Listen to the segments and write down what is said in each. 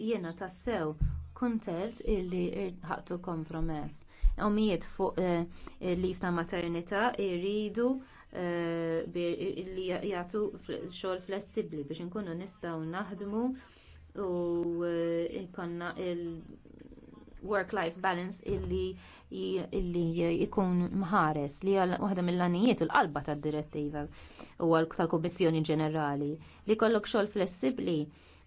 Jiena tassew kuntelt illi ħaqtu kompromess. Omijiet fuq eh, il-lif ta' maternità irridu eh, li jagħtu xogħol flessibbli biex inkunu nistgħu naħdmu u jkollna eh, il-work-life balance illi jkun mħares li għal waħda mill-għanijiet u l-qalba tad direttiva u għal tal-Kummissjoni Ġenerali li jkollok xogħol flessibbli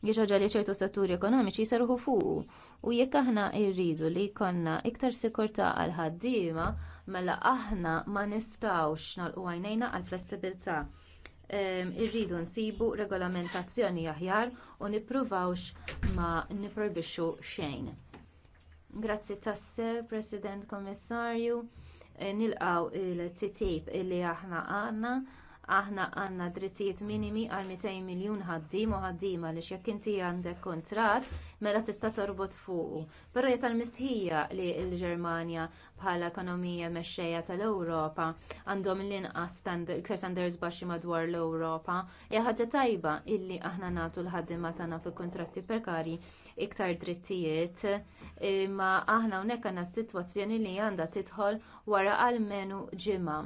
jiex ħaġa li ċertu setturi ekonomiċi jserħu fuqu. u jekk aħna rridu li jkollna iktar sikurtà għal ħaddiema mela aħna ma nistgħux nagħlqu għajnejna għall flessibilità. Ehm, irridu nsibu regolamentazzjoni aħjar u nippruvawx ma nipperbixxu xejn. Grazzi tasse, President Kommissarju, eh, nilqaw il-titib li aħna għandna aħna għandna drittijiet minimi għal 200 miljun ħaddim u ħaddima għaliex jekk inti għandek kuntratt mela tista' torbot fuqu. Però jeta l mistħija li l-Ġermanja bħala ekonomija mexxejja tal-Ewropa għandhom l-inqas iktar standards baxxi madwar l-Ewropa hija ħaġa tajba illi aħna nagħtu l ħaddima tagħna fi kuntratti prekarji iktar drittijiet imma aħna hawnhekk għandna s sitwazzjoni li għandha tidħol wara għall-menu ġimgħa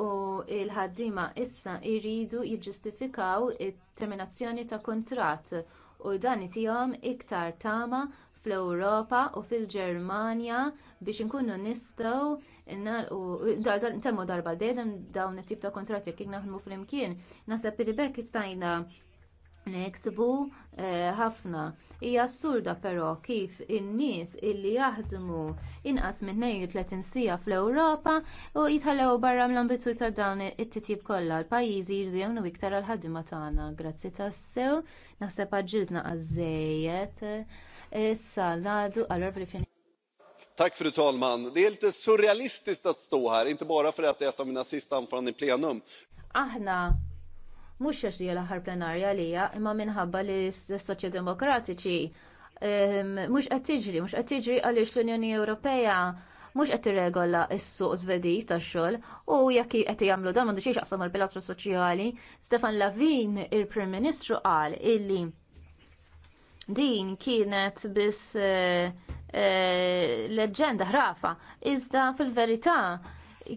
u l-ħaddiema issa jridu jiġġustifikaw it-terminazzjoni ta' kuntratt u dan itihom iktar tama fl-Ewropa u fil-Ġermanja biex inkunu nistgħu ntemmu darba dejjem dawn it-tip ta' kuntratt jekk naħdmu flimkien. Naħseb li jista' istajna neħksbu eh, ħafna. Hija assurda però kif in-nies illi jaħdmu inqas minn 32 sija fl-Ewropa u jitħallew barra mill-ambitu ta' dawn it-titjib kollha l-pajjiżi jirdu jemnu iktar għal ħaddima tagħna. Grazzi tassew, naħseb għaġġiltna għażejjed. Issa ngħadu għalor fil Tack fru talman. Det är lite surrealistiskt att stå här, inte bara för att det är ett av mina sista anföranden i plenum. Aħna mhux għax li l-aħħar plenarja għalija imma minħabba li s Demokratiċi ehm, mhux qed tiġri, mhux qed tiġri għaliex l-Unjoni Ewropea mhux qed tirregola s-suq Svediż tax-xogħol u jekk qed jagħmlu dan m'għandu xiex x'aqsam mal-pilastru soċjali, Stefan Lavin il-Prim Ministru qal illi din kienet biss eh, eh, leġenda ħrafa, iżda fil-verità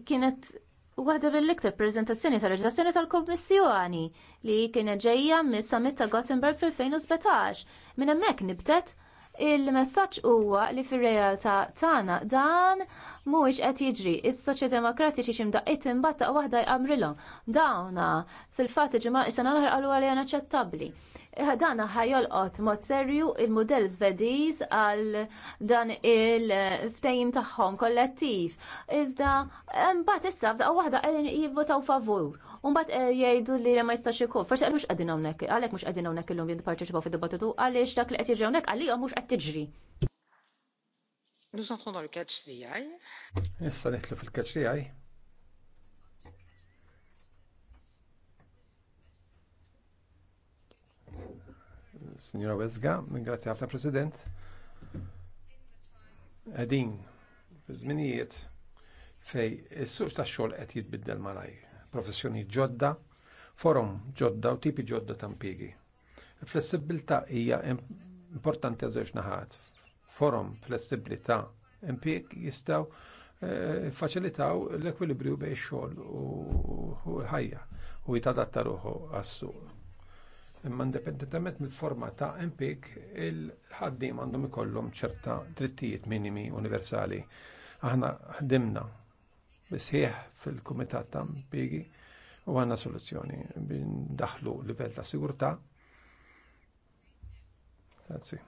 kienet Waħda mill-iktar prezentazzjoni tal reġistrazzjoni tal kummissjoni li kienet ġejja mis-summit ta' Gothenburg fil-2017. Minn hemmhekk nibtet il-messaġġ huwa li fir-realtà tagħna dan mhuwiex qed jiġri. Is-soċja demokratiċi mdaqqiet imbatta waħda jqamrilhom. Dawna fil-fatt ġimgħa isena l qalu għalija inaċċettabbli. Eh, dan ħajolqot mod serju il-modell Svediż għal dan il-ftejim tagħhom kollettiv. Iżda mbagħad issa f'daqqa waħda qegħdin jivvotaw favur. U mbagħad eh, jgħidu li ma jistax ikun. Forsi mhux qegħdin hawnhekk, għalhekk mhux qegħdin hawnhekk illum jidparteċipaw fid-dibattitu għaliex dak li qed jiġri hawnhekk għalihom mhux qed tiġri. Nous entrons catch the eye. Issa nitlu fil-catch the eye. Signora Wesga, grazie ħafna President. Edin, fizminijiet fej is suċ tax-xogħol qed jitbiddel malaj. Professjoni ġodda, forum ġodda u tipi ġodda tampigi. Flessibilta Flessibilità hija importanti għal naħat forom flessibbli impjieg jistgħu eh, faċilitaw l-ekwilibrju bejn xogħol u ħajja u jitadatta ruħu għas-suq. Imma indipendentament mill-forma ta' impik, il-ħaddim għandhom ikollhom ċerta drittijiet minimi universali. Aħna ħdimna bisħieħ fil-kumitat ta' impiegi u għanna soluzzjoni bin daħlu livell ta' sigurtà. Grazie.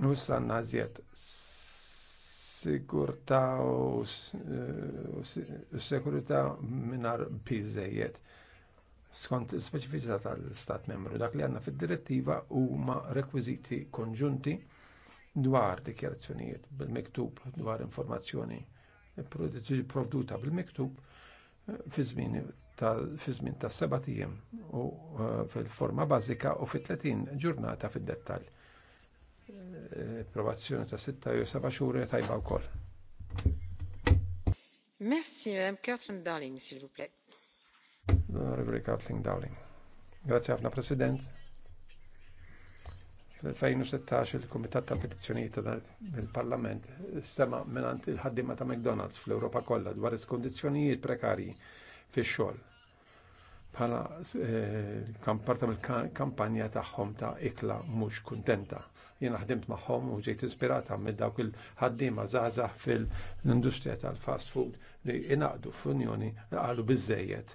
Nussanna zjed sigurta u eh, sekurita minar bizzejiet skont il-speċifiċità tal-Stat membru. Dak li għanna fil-direttiva huma rekwiziti konġunti dwar dikjarazzjonijiet bil-miktub dwar informazzjoni provduta bil-miktub eh, fi żmien ta' seba' tiem u eh, fil-forma bażika u fit-30 ġurnata fid-dettall. Provazzjoni ta' 6 jew 7 xhur tajba wkoll. Merci, Madame Kathleen Darling, s'il vous plaît. Honorable Kathleen Darling. Grazie ħafna, President. Fil-2016 il-Kumitat ta' Petizzjonijiet tal-Parlament sema minant il-ħaddima ta' McDonald's fl europa kollha dwar is-kondizzjonijiet prekarji fix-xogħol bħala eh, parta mill-kampanja tagħhom ta' ikla mhux kuntenta. Jiena ħdimt magħhom u ġejt ispirata minn dawk il-ħaddiema żgħażagħ fil-industrija tal-fast food li inaqdu f'unjoni qalu biżejjed.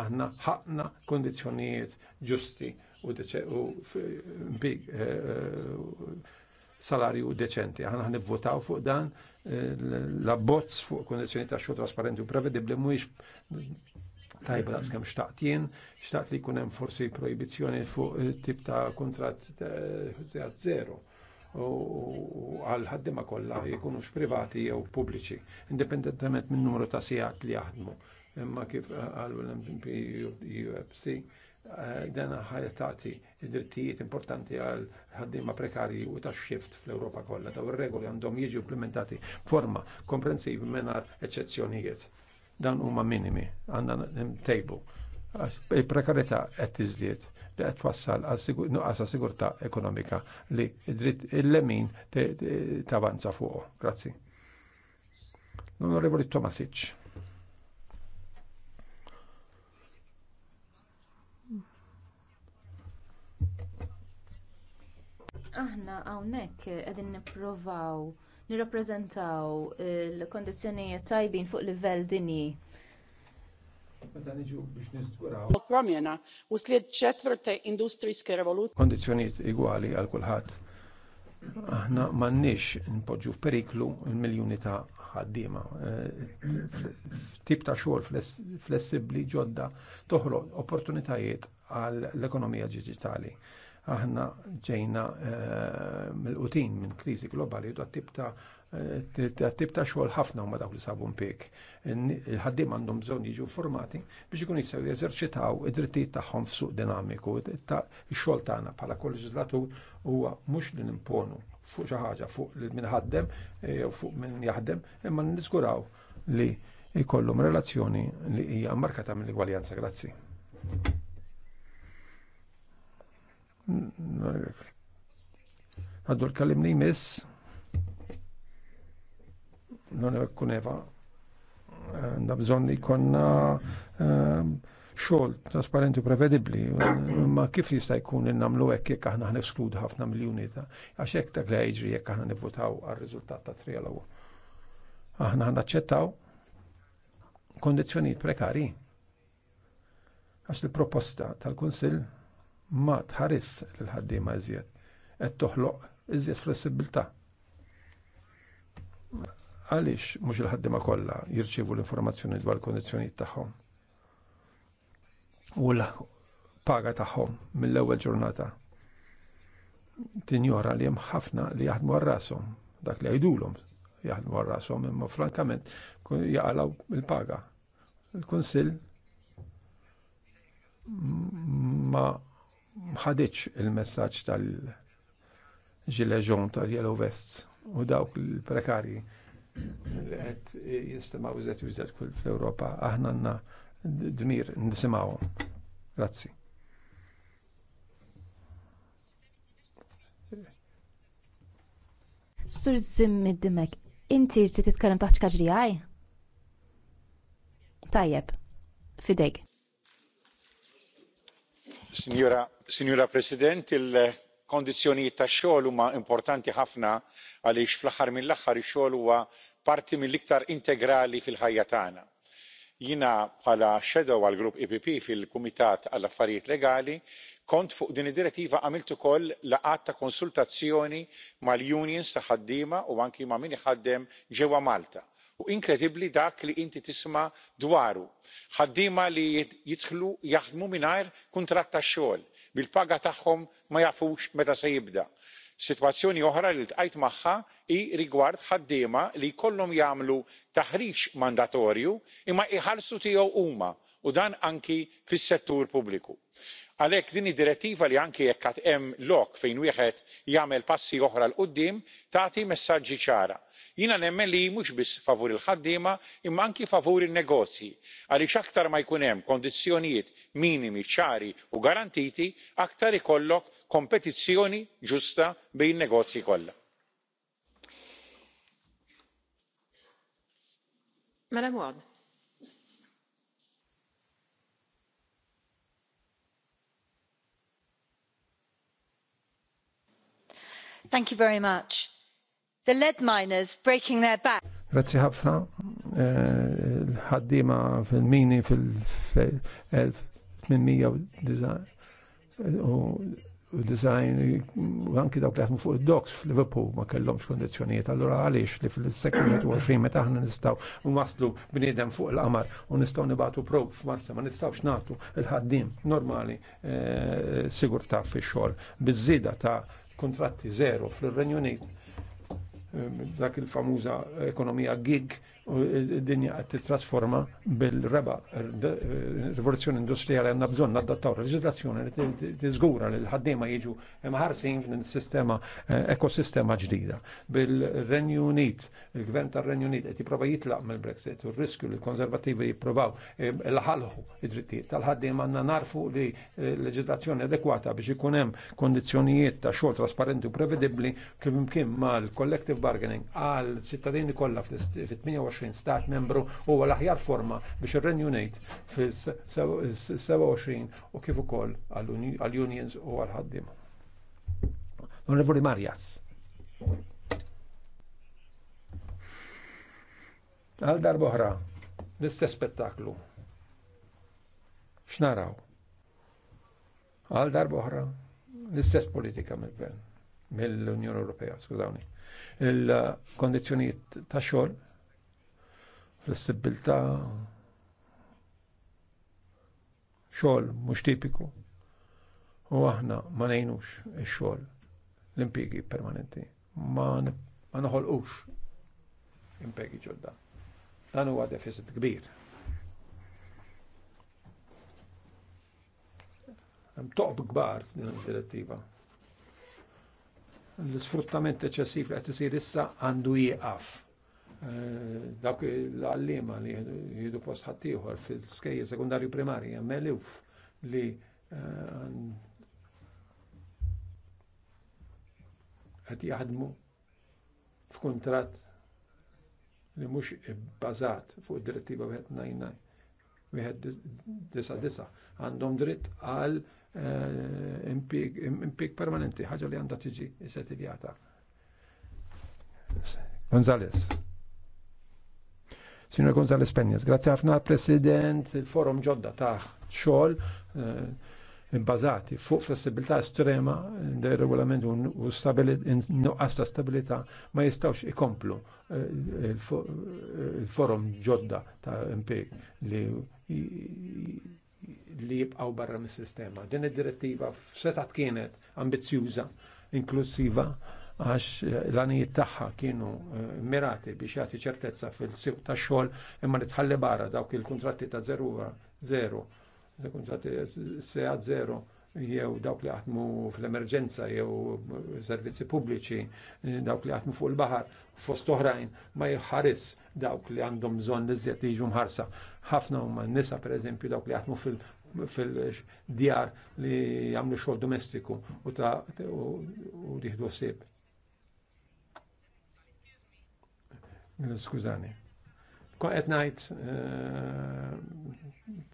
Aħna ħakna kondizjonijiet ġusti u big eh, eh, salarju deċenti. Aħna votaw fuq dan eh, la abbozz fuq kondizjoni ta' xo trasparenti u prevedibbli mhuwiex tajba daqs kemm xtaqt jien, xtaqt li jkun hemm forsi proibizzjoni fuq tip ta' kuntratt eh, zero. zero u għal ħaddima kollha jkunux privati jew pubbliċi, indipendentement minn numru ta' sigħat li jaħdmu. Imma kif għal l-MP UFC eh, dana ħajtati drittijiet importanti għal ħaddima prekarji u ta' shift fl-Ewropa kollha. Daw ir-regoli għandhom jiġu implementati forma komprensiv mingħajr eċċezzjonijiet dan huma minimi għandna tejbu. Il-prekarità qed tiżdied li qed twassal għal sigurtà ekonomika li dritt il-lemin tavanza fuqu. Grazzi. L-Onorevoli Tomasic. Aħna hawnhekk qegħdin nipprovaw nirrappreżentaw il-kondizzjonijiet tajbin fuq livell dinji. Meta u slid ċetvrte industrijske Kondizzjonijiet igwali għal kulħadd. Aħna m'għandniex npoġġu f'periklu l-miljuni ta' ħaddiema. Eh, tip ta' xogħol flessibbli ġodda toħroq opportunitajiet għall ekonomija digitali aħna ġejna eh, mill-qutin minn kriżi globali u dat eh, ta' xogħol ħafna huma dawk li sabu mpek. Il-ħaddiem għandhom bżonn jiġu formati biex ikun jistgħu jeżerċitaw id-drittijiet tagħhom f'suq dinamiku. Ix-xogħol tagħna bħala kol-leġislatur huwa mhux li nimponu fuq xi ħaġa fuq minn ħaddem jew eh, fuq minn jaħdem, imma niżguraw li jkollhom relazzjoni li hija markata mill-igwaljanza. Grazzi. Għaddu l-kallimni miss. Non kuneva. Għandha bżonn li konna ehm, xogħol trasparenti u prevedibbli. Ma kif jista' jkun li nagħmlu hekk jekk aħna ħneskludu ħafna miljuni ta' għax hekk dak li jiġri jekk aħna nivvutaw għar-riżultat ta' trialogu. Aħna ħnaċċettaw kondizzjonijiet prekari. Għax il proposta tal-Kunsill ma tħariss l-ħaddiema iżjed, qed toħloq iżjed flessibilità. Għaliex mhux il-ħaddiema kollha jirċievu l-informazzjoni dwar il-kondizzjonijiet tagħhom. U l-paga tagħhom mill-ewwel ġurnata tinjora li hemm ħafna li jaħdmu għal rashom dak li jgħidulhom jaħdmu għal rashom imma frankament jaqalaw il-paga. Il-Kunsill ma mħadiċ il-messaġġ tal-ġileġon tal-Yellow Vests u dawk il-prekarji li qed jinstemaw iżet jużet kull fl europa aħna għandna dmir nisimgħuhom. Grazzi. Sur zimmi dimek, inti rrid titkellem taħt kaġri għaj? Tajjeb, fidejk. Signora Signora President, il-kondizzjonijiet tax-xogħol huma importanti ħafna għaliex fl-aħħar mill-aħħar ix-xogħol huwa parti mill-iktar integrali fil-ħajja tagħna. Jiena bħala shadow għall grupp epp fil-kumitat għall affarijiet legali kont fuq din id-direttiva għamilt ukoll laqgħat ta' konsultazzjoni mal unions ta' ħaddiema u anki ma' min iħaddem ġewwa malta u inkredibbli dak li inti tisma' dwaru ħaddiema li jidħlu jaħdmu mingħajr kuntratt tax-xogħol bil-paga tagħhom ma jafux meta se jibda. sitwazzjoni oħra li ltqajt magħha hi rigward ħaddiema li jkollhom jagħmlu taħriġ mandatorju imma jħallsu tiegħu huma u dan anki fis-settur pubbliku għalhekk din id-direttiva li anke jekk hemm lok fejn wieħed jagħmel passi oħra l quddiem tagħti messaġġi ċara. jiena nemmen li mhux biss favur il-ħaddiema imma anki favur in-negozji għaliex aktar ma jkun hemm kondizzjonijiet minimi ċari u garantiti aktar ikollok kompetizzjoni ġusta bejn in-negozji kollha. Thank Grazzi ħafna. Eh, Ħaddima fil-mini fil-1800 u design u anki dawk li fuq il doks f'Liverpool ma kellhomx kondizzjonijiet. Allura għaliex li fil-seklu 21 meta aħna nistgħu waslu bniedem fuq il-qamar u nistgħu nibatu prob f'Marsa ma nistgħux nagħtu il-ħaddiem normali eh, sigurtà fix-xogħol biż-żieda ta' kontratti zero fil renjunit eh, dak il-famuża ekonomija gig u d-dinja qed titrasforma bil-reba rivoluzzjoni industrijali għandna bżon naddattaw leġislazzjoni li tiżgura li l ħaddiema jiġu mħarsin fil-sistema eh, ekosistema ġdida. Bil-Renju Unit, il-gvern tar renju Unit qed jipprova jitlaq mill-Brexit u r-riskju li l-konservativi jippruvaw eh, l-ħalħu id-drittijiet tal ħaddiema għandna narfu li eh, leġislazzjoni adekwata biex ikun hemm kondizzjonijiet ta' xogħol trasparenti u prevedibbli kif imkien mal-collective bargaining għal ċittadini kollha fit-28 27 stat membru u l-aħjar forma biex ir-Renju fil-27 u kif ukoll għall-unions u għall ħaddim Onorevoli Marjas. Għal darboħra, l-istess spettaklu. X'naraw? Għal darboħra, l-istess politika mill unjoni Ewropea, skużawni. il kondizjoni ta' xogħol flessibilità, xogħol mhux tipiku. U aħna ma ngħinux ix-xogħol l-impjegi permanenti. Ma ma noħolqux impjegi ġodda. Dan huwa deficit kbir. Hemm toqb kbar din id-direttiva. L-isfruttament eċessiv li qed isir issa għandu jieqaf dawk l-għallima li jidu post ħattijħor fil-skejja sekundarju primari meluf li eh, għet jaħdmu f'kontrat li mux bazat fuq direttiva 1999 għandhom dritt għal eh, impik permanenti ħagġa li għandha tiġi issetivjata. Gonzalez. Signor Gonzalez Penjas, a ħafna President, il-forum ġodda taħ xol eh, bazati fuq flessibilità estrema del regolament u nuqqas stabilità ma jistawx ikomplu eh, il-forum eh, ġodda ta' MP li li jibqaw barra mis-sistema. Din id-direttiva f-setat kienet ambizjuża, inklusiva, għax eh, l-għanijiet tagħha kienu eh, mirati biex jagħti ċertezza fil-siq tax xogħol imma tħalli barra dawk il-kuntratti ta' 0, il kuntratti sea zero jew dawk li jaħdmu fl-emerġenza jew servizzi pubbliċi, dawk li għatmu fuq il-baħar, fost oħrajn ma jħaris dawk li għandhom bżonn iżjed li jiġu mħarsa. Ħafna huma nisa pereżempju dawk li jaħdmu fil- fil-djar li jagħmlu xogħol domestiku u ta' u diħdu sib Skużani. Kon qed ngħid eh,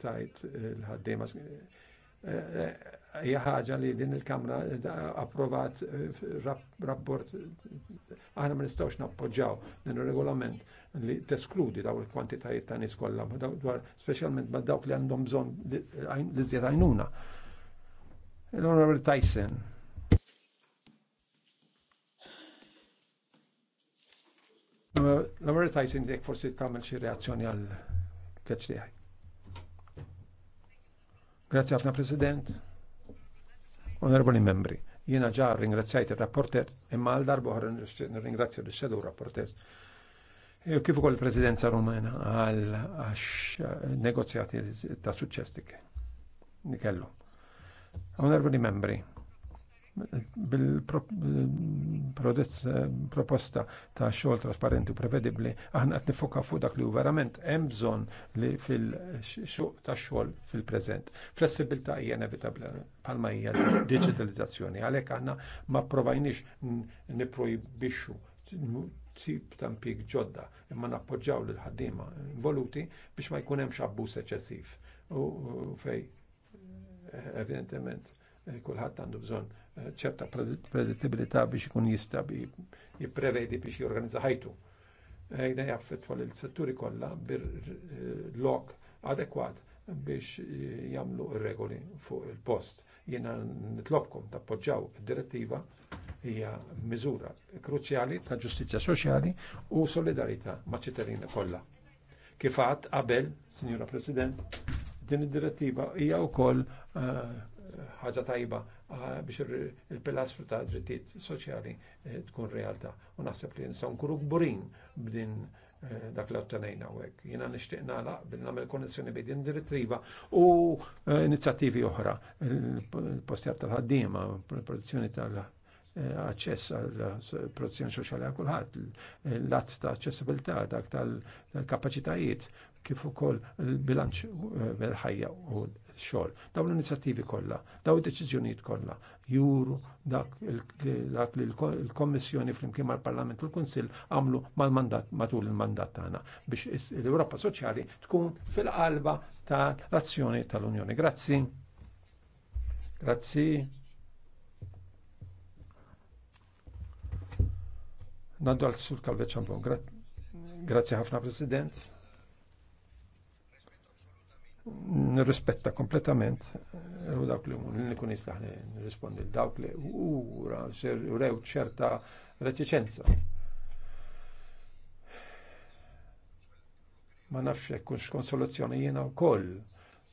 tajt il-ħaddiema eh, eh, hija ħaġa li din il-Kamra approvat rapport aħna ma nistgħux nappoġġaw din ir-regolament li teskludi daw il-kwantitajiet ta' nies kollha dwar speċjalment ma' dawk li għandhom bżonn li żjed għajnuna. l honorable Tyson. L-għamri mela, tajsin dik forsi tamel xi reazzjoni għal keċ li għaj. Grazie għafna President, onorevoli membri. Jiena ġa ringrazzjajt il-rapporter, imma għal darba ħar ringrazzju l xedur rapporter. E, kif ukoll il-Presidenza Rumena għal negozjati ta' suċċess dik. Nikellu. Onorevoli membri, bil-proposta ta' xogħol trasparenti u prevedibbli aħna qed nifoka fuq dak li hu verament hemm bżonn li fil-xuq ta' xogħol fil-preżent. Flessibilità hija inevitabbli bħalma hija digitalizzazzjoni għalhekk aħna ma provajniex nipprojbixxu tip ta' impjieg ġodda imma nappoġġaw lil ħaddiema involuti biex ma jkun hemmx abbuż eċċessiv. U fej evidentement eh, kulħadd għandu bżonn ċerta predittibilità biex ikun jista jipprevedi biex jorganizza ħajtu. Eh, jaffet jaffetwa il setturi kollha bir eh, lok adekwat biex jagħmlu r-regoli fuq il-post. Jiena nitlobkom tappoġġaw id-direttiva hija miżura kruċjali ta' ġustizzja soċjali u solidarità ma' ċittadini kollha. Kif qabel, Sinjura President, din id-direttiva hija wkoll uh, ħaġa tajba ah, biex il-pilastru ta' drittijiet soċjali eh, tkun realtà. U naħseb li nsa nkunu gburin b'din eh, dak li ottenejna u hekk. Jiena nixtieq nagħlaq bil nagħmel konnessjoni bejn direttiva u eh, inizjattivi oħra, il-postjat tal-ħaddiema, produzzjoni tal aċċess għal produzzjoni soċjali għal kulħadd, l-att ta' aċċessibilità, dak tal-kapaċitajiet kif ukoll il-bilanċ eh, mill-ħajja u xogħol. Daw l-inizjattivi kollha, dawn id-deċiżjonijiet kollha juru dak li l-Kommissjoni flimkien mal-Parlament u l-Kunsill għamlu mal-mandat matul il-mandat tagħna biex l-Ewropa Soċjali tkun fil-qalba tal-azzjoni tal-Unjoni. Grazzi. Grazzi. Naddu għal Sur kalveċan Grazzi ħafna President nirrispetta kompletament eh, u dawk li nikun jistaħni nirrispondi dawk li ura rew ċerta reticenza. Ma nafx jekk kunx konsolazzjoni jiena wkoll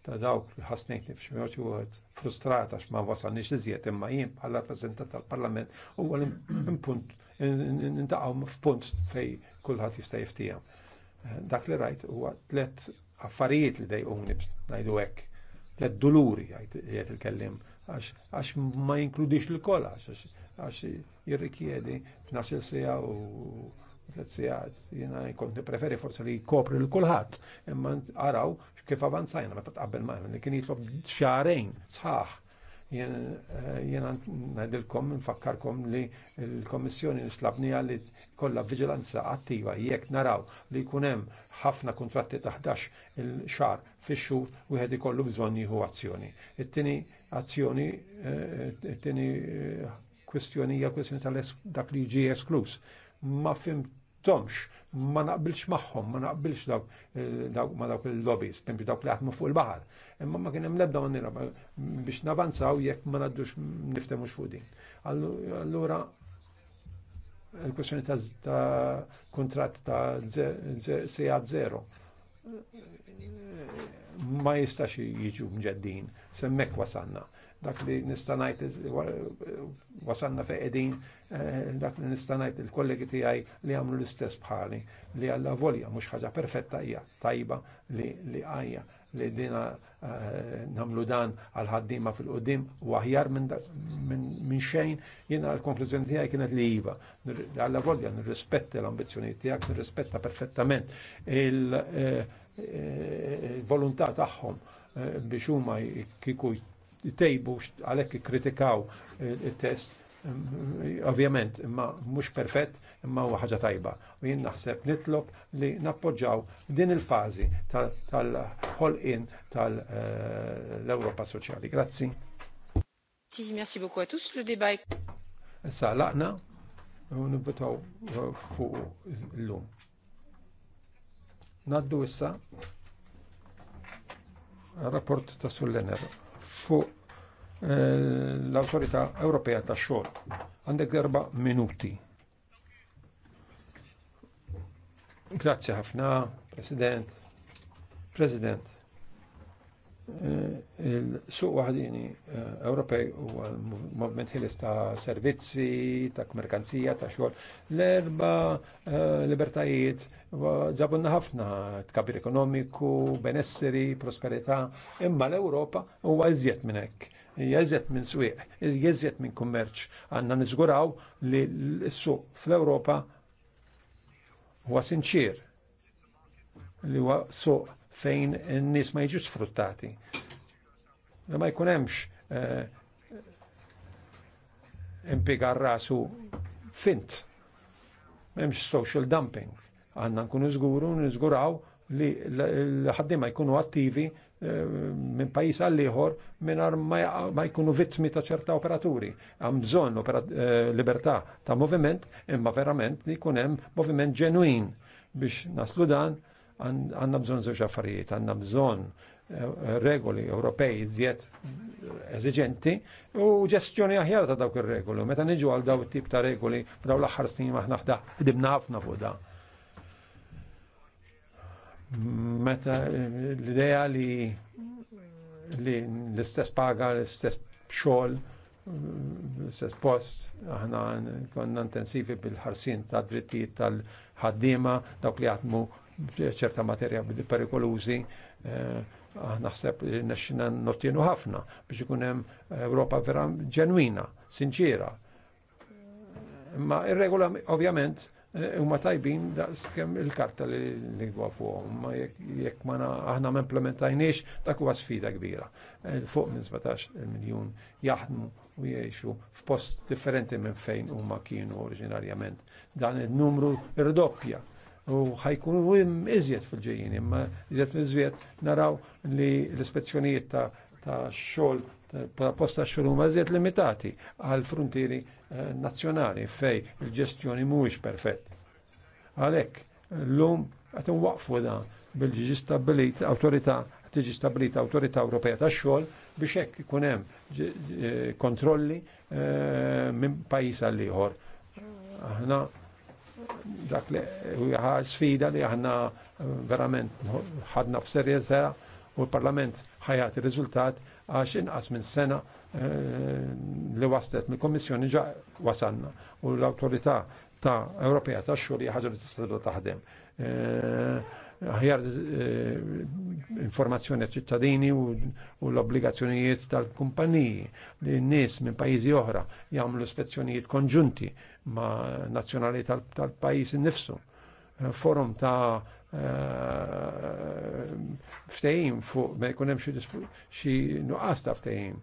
ta' dawk li ħasnejtni f'ximjot frustrat frustrata x'ma wasalniex iżjed imma jien bħala rappreżentant tal-Parlament huwa l-impunt intaqgħu f'punt fej kulħadd jista' jiftihom. Eh, dak li rajt huwa tliet affarijiet li dejquni ngħidu hekk. Tlet duluri jgħid il-kellim għax ma jinkludix l-kol għax jirrikjedi il sija u tliet sija jina jkont preferi forse li jkopri l-kulħat, imma għaraw kif avanzajna, ma t-tqabbel maħem, li kien jitlob xarejn, sħaħ, Eh, jena najdilkom, nfakkarkom li l-Komissjoni nislabni li kolla vigilanza attiva jekk naraw li kunem ħafna kontratti taħdax il-xar fisxu u għed ikollu bżonni jieħu azzjoni. It-tini azzjoni, eh, it-tini eh, kwestjoni hija kwestjoni tal-dak li jiġi esklus. Ma fimt naqbilhomx, ma naqbilx magħhom, ma naqbilx eh, ma dawk il-lobbies, pimpju dawk li jaħdmu fuq il-baħar. Imma ma kien hemm l-ebda biex navanzaw jekk ma naddux niftemux fuq din. Allura il-kwestjoni ta' kontrat ta' sejat zero eh, ma jistax jiġu mġeddin, semmek wasanna dak li nistanajt wasanna feqedin eh, dak li nistanajt il-kollegi tiegħi li għamlu l-istess bħali li għalla volja mhux ħaġa perfetta hija tajba li għajja li dina eh, namlu dan għal ħaddima fil-qoddim u aħjar minn xejn jiena l-konklużjoni tiegħi kienet li iva. Għalla volja nirrispetta l-ambizzjoni tiegħek, nirrispetta perfettament eh, il-volontà tagħhom biex huma kiku jtejbu għalhekk ikkritikaw eh, il-test ovvjament imma mhux perfett imma huwa ħaġa tajba. U jien naħseb nitlob li nappoġġaw din il-fażi tal-ħolqien tal-Ewropa eh, Soċjali. Grazzi. Merci beaucoup à tous. Le débat est... Issa laqna u nivvotaw eh, fuq l-lum. Naddu issa rapport ta' Sullener fuq l-Autorità Ewropea tax-xogħol. Għandek erba' minuti. Grazzi ħafna, President. President, eh, il-suq waħdini eh, Ewropej u movement ħilis ta' servizzi, ta' merkanzija, ta' xogħol. L-erba eh, libertajiet ġabunna ħafna tkabir ekonomiku, benesseri, prosperità, imma l-Ewropa huwa iżjed minn hekk jeżet minn swieq, jeżet minn kummerċ. Għanna nizguraw li l-suq fl-Europa huwa sinċir li huwa suq fejn n nis ma jġu sfruttati. Li ma jkunemx hemmx eh, impiega rasu fint. Memx social dumping. Għanna nkunu zguru, nizguraw li l ħaddim ma jkunu attivi Eh, minn pajis għall-ieħor mingħajr ma jkunu vittmi ta' ċerta operaturi. Għam bżon eh, libertà ta' moviment imma verament li jkun hemm moviment ġenwin biex naslu dan għandna bżonn żewġ affarijiet, għandna bżonn eh, regoli Ewropej iżjed eżiġenti u ġestjoni aħjar ta' dawk ir-regoli. Meta niġu għal dawk tip ta' regoli f'daw l-aħħar snin maħnaħda ħdimna ħafna fuq da meta l-idea li li l-istess paga, l-istess xogħol, l-istess post, aħna konna intensivi bil-ħarsin ta' drittijiet tal-ħaddiema, dawk li jaħdmu ċerta materja perikolużi, eh, aħna ħseb li nexxina nottienu ħafna biex ikun hemm Ewropa vera ġenwina, sinċira. Ma' ir-regola ovvjament Eh, huma tajbin daqskemm il-karta li nidwa fuqhom, ma jekk ma aħna ma implementajniex dak huwa sfida kbira. Eh, fuq minn 17 miljun jaħdmu u jgħixu f'post differenti minn fejn huma kienu oriġinarjament. Dan il-numru irdoppja u ħajkun ħajkunu iżjed fil-ġejjin, imma iżjed iżjed naraw li l-ispezzjonijiet ta' ta' xogħol ta' posta xogħol huma iżjed limitati għal frontieri Eh, nazzjonali fej il-ġestjoni mhuwiex perfett. Għalhekk llum qed inwaqfu dan bil-ġi stabbilit awtorità tiġi stabilita Awtorità Ewropea tax-xogħol biex hekk ikun hemm eh, kontrolli eh, minn pajjiż għal ieħor. Aħna dak li huwa sfida li aħna verament ħadna f'serjetà u l-Parlament ħajat ir-riżultat għax inqas minn sena eh, li waslet mill-Kommissjoni ġa wasanna u l-Awtorità ta' Ewropea ta' xogħol hija ħaġa li tista' taħdem eh, ħjar eh, informazzjoni ċittadini u l-obbligazzjonijiet tal-kumpaniji li n-nies minn pajjiżi oħra jagħmlu ispezzjonijiet konġunti ma' nazzjonali tal-pajjiż innifsu. Forum ta' Eh, ftehim fuq ma jkun hemm xi nuqqas ta' ftehim.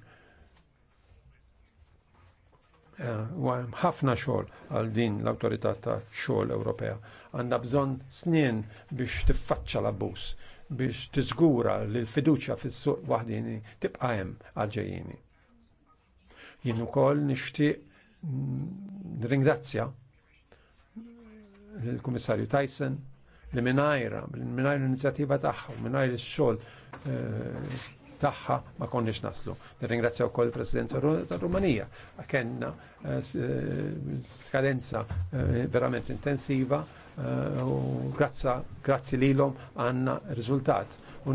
Eh, ħafna xogħol għal din l autorità ta' xogħol Ewropea. Għanda bżonn snin biex tiffaċċa l-abbuż, biex tiżgura li l-fiduċja fis-suq waħdini tibqa' hemm għal ġejjini. Jien ukoll nixtieq nringrazzja lill-Kummissarju Tyson li minajra, minajra l-inizjativa tagħha, minajra l xogħol eh, tagħha ma konniex naslu. u koll il-Presidenza ta' rumanija Kenna eh, eh, skadenza verament intensiva u grazzi lilhom għandna riżultat. U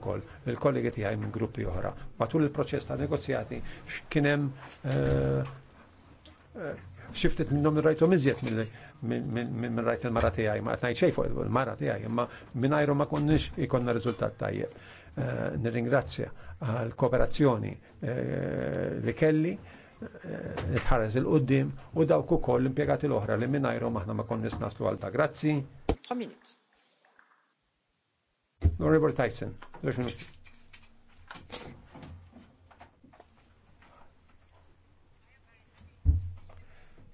koll il-kollegi tiegħi minn gruppi oħra. Matul il-proċess ta' negozjati kien hemm xiftit il rajtu miżjed mill minn rajt il-mara tiegħi, ma għatnaj ngħid fuq il-mara tiegħi, imma ajru ma konnix ikonna riżultat tajjeb. Eh, nirringrazzja għal kooperazzjoni uh, li kelli nitħares eh, il-qoddim u dawk ukoll l-impjegati l-oħra li minnajrom aħna ma konnix naslu għalta. grazzi. Honorable Tyson, 2 minuti.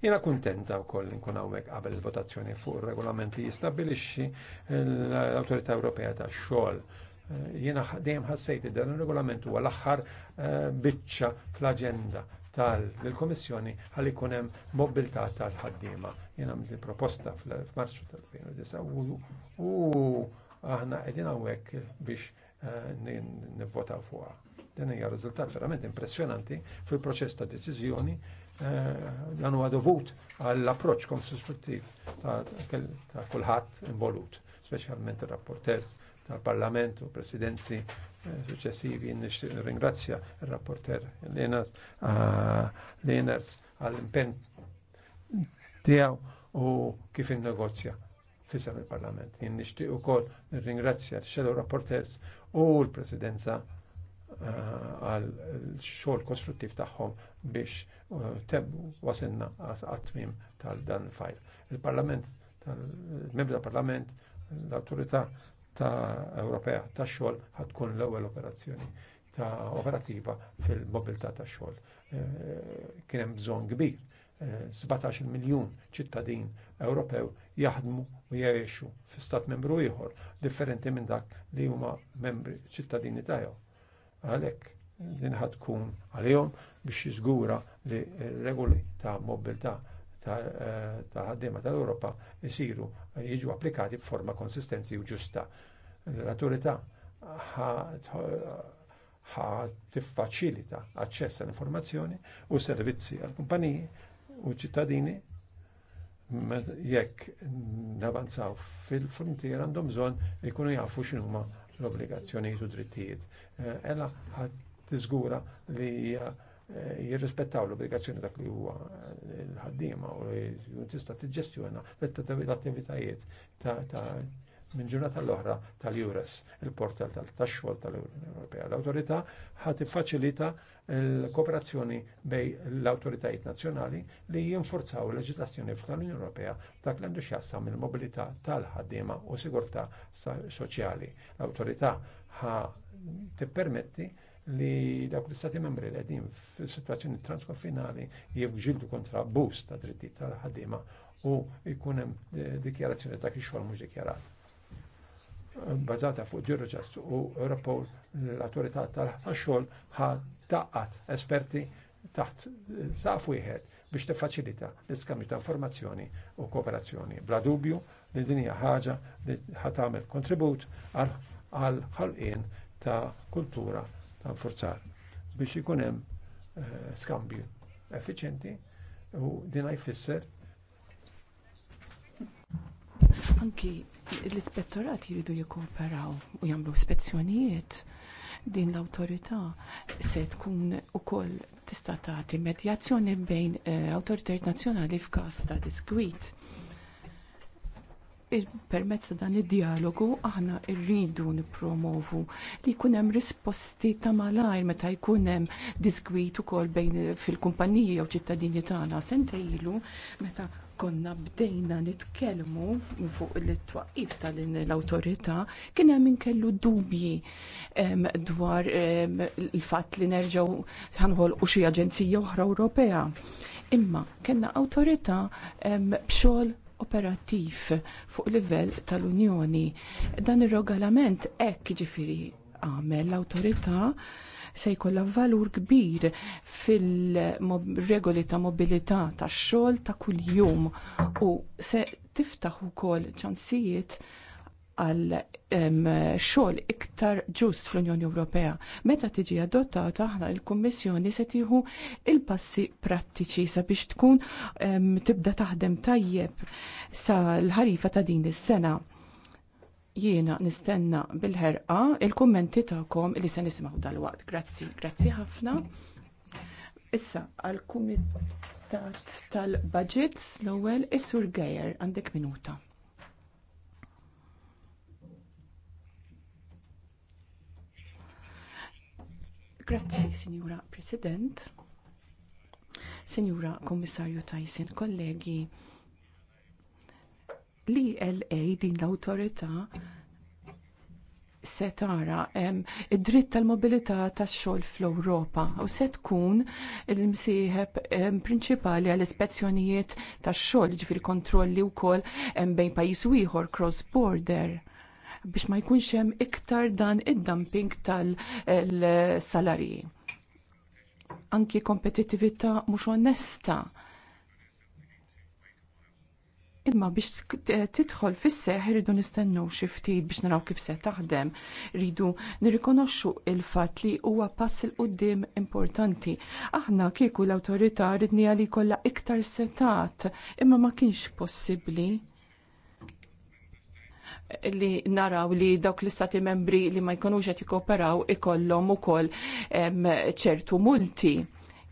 Jiena kuntenta wkoll koll nkun hawnhekk qabel il-votazzjoni fuq ir-regolament li jistabilixxi l-Awtorità Ewropea tax-xogħol eh, jiena dejjem ħassejt li dan ir-regolament huwa l-aħħar eh, biċċa fl-aġenda tal-Komissjoni għal ikun hemm mobilità tal-ħaddiema. Jiena għamilt proposta f'Marzu tal-2009 u aħna qegħdin hawnhekk biex eh, nivvotaw fuqha. Dan hija riżultat verament impressjonanti fil-proċess ta' deċiżjoni Eh, dan huwa dovut għall approċ konstruttiv ta' kulħadd involut, speċjalment ir-rapporters tal-Parlament u presidenzi eh, successivi ringrazzja il-rapporter Lenas Lenas għall-impenn tiegħu u kif innegozja fisem il-Parlament. Jien nixtieq ukoll nirringrazzja l-Shadow Rapporters u l-Presidenza Eh, għal xogħol kostruttiv tagħhom biex eh, tebbu wasilna għat tal-dan il-fajl. Il-Parlament, il-membri tal-Parlament, l-Autorità ta' Ewropea ta' xogħol ħatkun l-ewwel operazzjoni ta' operativa fil-mobilità ta' xogħol. Eh, kien hemm bżonn kbir. 17 miljun ċittadin Ewropew jaħdmu u jgħixu fi stat membru ieħor differenti minn dak li huma membri ċittadini tagħhom. Għalhekk din ħad għalijom għalihom biex jiżgura li regoli ta' mobilità ta' eh, ħaddiema tal europa jisiru jiġu applikati b'forma konsistenti u ġusta. L-autorità ħa tiffaċilita aċċess għall informazzjoni u servizzi għall kumpaniji u ċittadini jekk navanzaw fil-frontier għandhom bżonn ikunu jafu x'inhuma l-obbligazzjonijiet u drittijiet. Eh, ella ħad tiżgura li eh, jirrispettaw l-obbligazzjoni dak li huwa eh, l-ħaddiema u tista' tiġġestjona l-attivitajiet ta' minn ġurnata l-oħra tal-Jures, il-portal tal-xogħol tal-Unjoni Ewropea. L-awtorità ħat tiffaċilita l-kooperazzjoni bej l-autoritajiet nazzjonali li jinforzaw il-leġislazzjoni fl-Unjoni Ewropea dak l-għandu xjassam il-mobilità tal-ħaddiema u sigurtà soċjali. L-autorità ħa tippermetti li dawk l-istati membri li għedin f-situazzjoni transkonfinali jivġildu kontra boost ta' dritti tal-ħaddiema u jkun hemm dikjarazzjoni ta' kixol mhux dikjarat. Bazzata fuq Eurojust u Europol l-autorità tal ħaddiema taqqat esperti taħt saqf wieħed biex tiffaċilita l-iskambju ta' informazzjoni u kooperazzjoni. Bla dubju li din hija ħaġa li ħatamel kontribut għal ħalqien ta' kultura ta' forzar biex ikun hemm eh, skambju effiċenti u din jfisser Anki l-ispettorat jiridu jikkooperaw u jagħmlu ispezzjonijiet Din l-awtorità se tkun ukoll tista' tagħti medjazzjoni bejn eh, awtoritajiet nazzjonali f'każ ta' diskwit. Permezz ta' dan id-dialogu aħna rridu nippromovu li jkun hemm risposti ta' malajr meta jkun hemm diskwit ukoll bejn fil-kumpaniji jew ċittadini tagħna sentejlu meta konna bdejna nitkellmu fuq il-twaqif ta' din l-awtorità kien hemm inkellu dubji dwar il-fatt li nerġgħu ħanħolqu xi aġenzija oħra Ewropea. Imma kellna awtorità b'xogħol operattiv fuq livell tal-Unjoni. Dan ir-regolament hekk jiġifieri għamel l-awtorità se jkollha valur kbir fil-regoli ta' mobilità tax-xogħol ta' kuljum u se tiftaħ ukoll ċansijiet għal xogħol iktar ġust fl-Unjoni Ewropea. Meta tiġi adottata aħna l-Kummissjoni se tieħu il-passi prattiċi sabiex tkun tibda taħdem tajjeb sa l-ħarifa ta' din is-sena jiena nistenna bil-ħerqa il-kummenti tagħkom li se nisimgħu dal-waqt. Grazzi, grazzi ħafna. Issa għal kumitat tal-budgets l-ewwel is-Sur Gejer għandek minuta. Grazzi, Signora President, Signora Kommissarju Tyson, kollegi, L-ELA din l awtorità se tara id-dritt tal-mobilità tax-xogħol fl-Ewropa u se tkun il-msieħeb prinċipali għall ispezzjonijiet tax-xogħol ġifir kontrolli wkoll bejn pajjiż ieħor cross border biex ma jkunx hemm iktar dan id-dumping tal-salarji. Anki kompetittività mhux onesta Imma biex tidħol fis-seħ rridu nistennu xi ftit biex naraw kif se taħdem, rridu nirrikonoxxu il-fatt li huwa pass il qudiem importanti. Aħna kieku l-awtorità ridni li jkollha iktar setat, imma ma kienx possibbli li naraw li dawk l-istati membri li ma jkunux qed jikoperaw ikollhom ukoll ċertu multi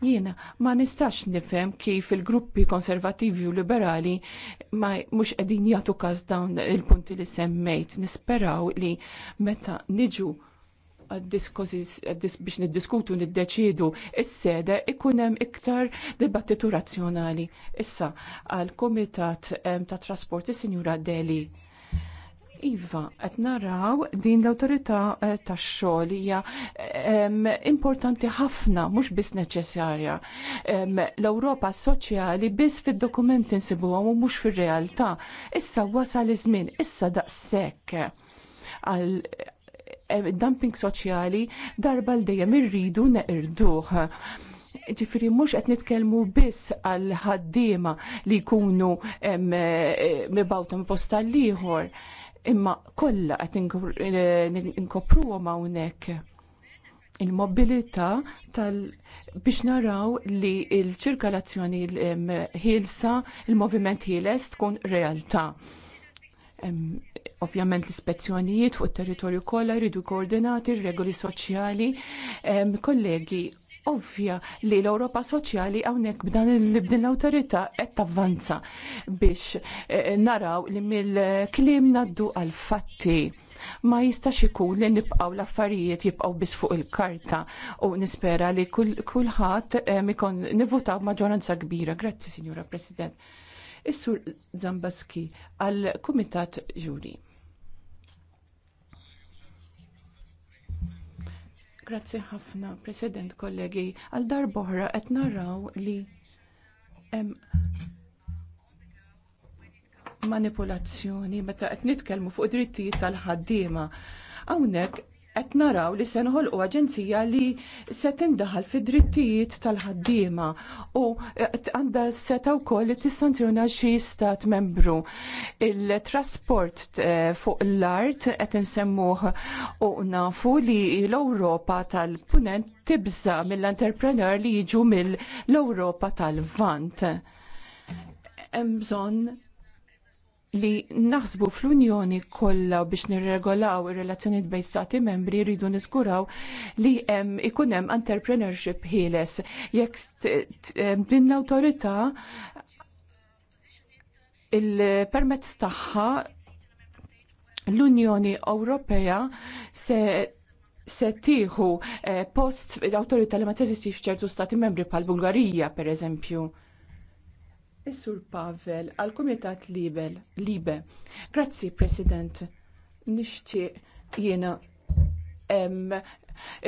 Jiena ma nistax nifhem kif il-gruppi konservativi u liberali ma mhux qegħdin jagħtu każ dawn il-punti li semmejt. Nisperaw li meta niġu biex niddiskutu niddeċidu is-sede ikun hemm iktar dibattitu razzjonali. Issa għal kumitat ta' trasporti Sinjura Deli. Iva, qed naraw din l awtorità eh, tax-xogħol hija importanti ħafna, mhux biss neċessarja. L-Ewropa soċjali biss fid-dokumenti nsibuha u mhux fir-realtà. Issa wasal iż-żmien, issa daqshekk għal dumping soċjali darba l-dejjem irridu neqirduh ġifiri mux għet nitkelmu biss għal ħaddima li jkunu eh, mibawta mposta l-ieħor imma kollha qed eh, inkopruhom hawnhekk il-mobilità tal biex naraw li l-ċirkolazzjoni ehm, ħielsa, il-moviment ħieles tkun realtà. Ehm, ovvjament l-ispezzjonijiet fuq it-territorju kollha jridu koordinati, regoli soċjali. Ehm, kollegi, ovvja li l-Ewropa Soċjali hawnhekk b'dan din l-awtorità qed tavvanza biex eh, eh, naraw li mill-kliem naddu għal fatti ma jistax ikun li nibqgħu l-affarijiet jibqgħu biss fuq il-karta u nispera li kulħadd eh, ikun nivvutaw maġġoranza kbira. Grazzi, Sinjura President. Is-Sur Zambaski għal Kumitat Ġuri. Grazzi ħafna, President, kollegi. Għal darboħra qed naraw li hemm manipulazzjoni meta qed nitkellmu fuq drittijiet tal-ħaddiema. Hawnhekk qed naraw li se nħolqu aġenzija li se tindaħal fid-drittijiet tal-ħaddiema u għandha seta wkoll li tissanzjona xi stat membru. Il-trasport eh, fuq l-art qed insemmuh u nafu li l-Ewropa tal-Punent tibża mill-entrepreneur li jiġu mill-Ewropa tal-Vant. Hemm bżonn li naħsbu fl-Unjoni kollha biex nirregolaw ir-relazzjonijiet bejn stati membri jridu niskuraw li hemm ikun hemm entrepreneurship ħieles. Jekk din l-awtorità il-permezz tagħha l-Unjoni Ewropea se se tieħu eh, post l-awtorità li ma teżistix ċertu stati membri bħal Bulgarija, per eżempju. Is-Sur Pavel għal Kumitat Libe. Grazzi, President. Nixtieq jiena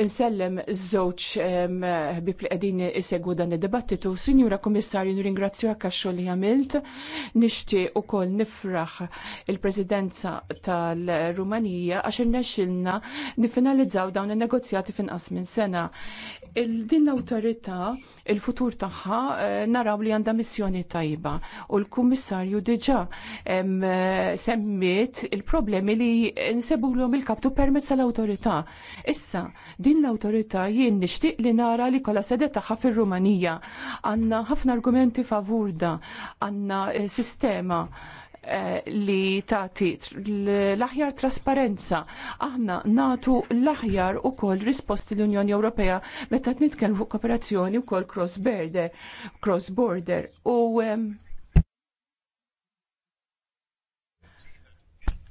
Insellem żewġ ħbib li qegħdin isegwu dan id-dibattitu. Sinjura Kummissarju, nirringrazzju għax-xogħol li għamilt. Nixtieq ukoll nifraħ il-Presidenza tal-Rumanija għax irnexxilna nifinalizzaw dawn in-negozjati finqas minn sena. din l-awtorità, il-futur tagħha eh, naraw li għandha missjoni tajba u l-Kummissarju diġà semmiet il-problemi li nsebulhom il-kaptu permezz tal-awtorità. Issa, Din l-awtorità jien nixtieq li nara li kolla sede tagħha fir-Rumanija. Għandna ħafna argumenti favurda, għandna eh, sistema eh, li tagħti l-aħjar trasparenza. Aħna natu l-aħjar ukoll risposti l-Unjoni Ewropea meta t-nitkel fuq kooperazzjoni u cross-border. Cross -border. U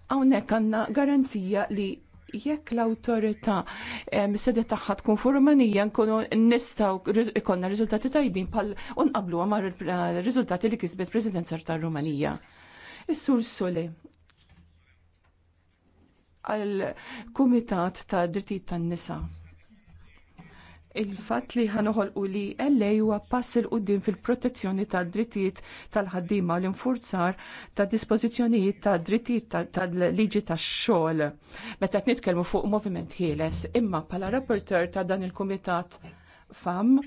għawnek għandna għanna garanzija li jekk l-awtorità sede taħħa tkun furmanija nkunu nistaw ikonna riżultati tajbin pal unqablu għamar riżultati li kisbet President tar-Rumanija. Is-Sur Sole għal-Kumitat ta' Drittijiet tan-Nisa il-fatt li noħolqu li LA huwa pass il quddiem fil-protezzjoni tad-drittijiet tal-ħaddiema u l-infurzar ta' dispożizzjonijiet ta' drittijiet tal-liġi tax-xogħol. Meta qed nitkellmu fuq moviment ħieles, imma bħala rapporter ta' dan il-kumitat fam,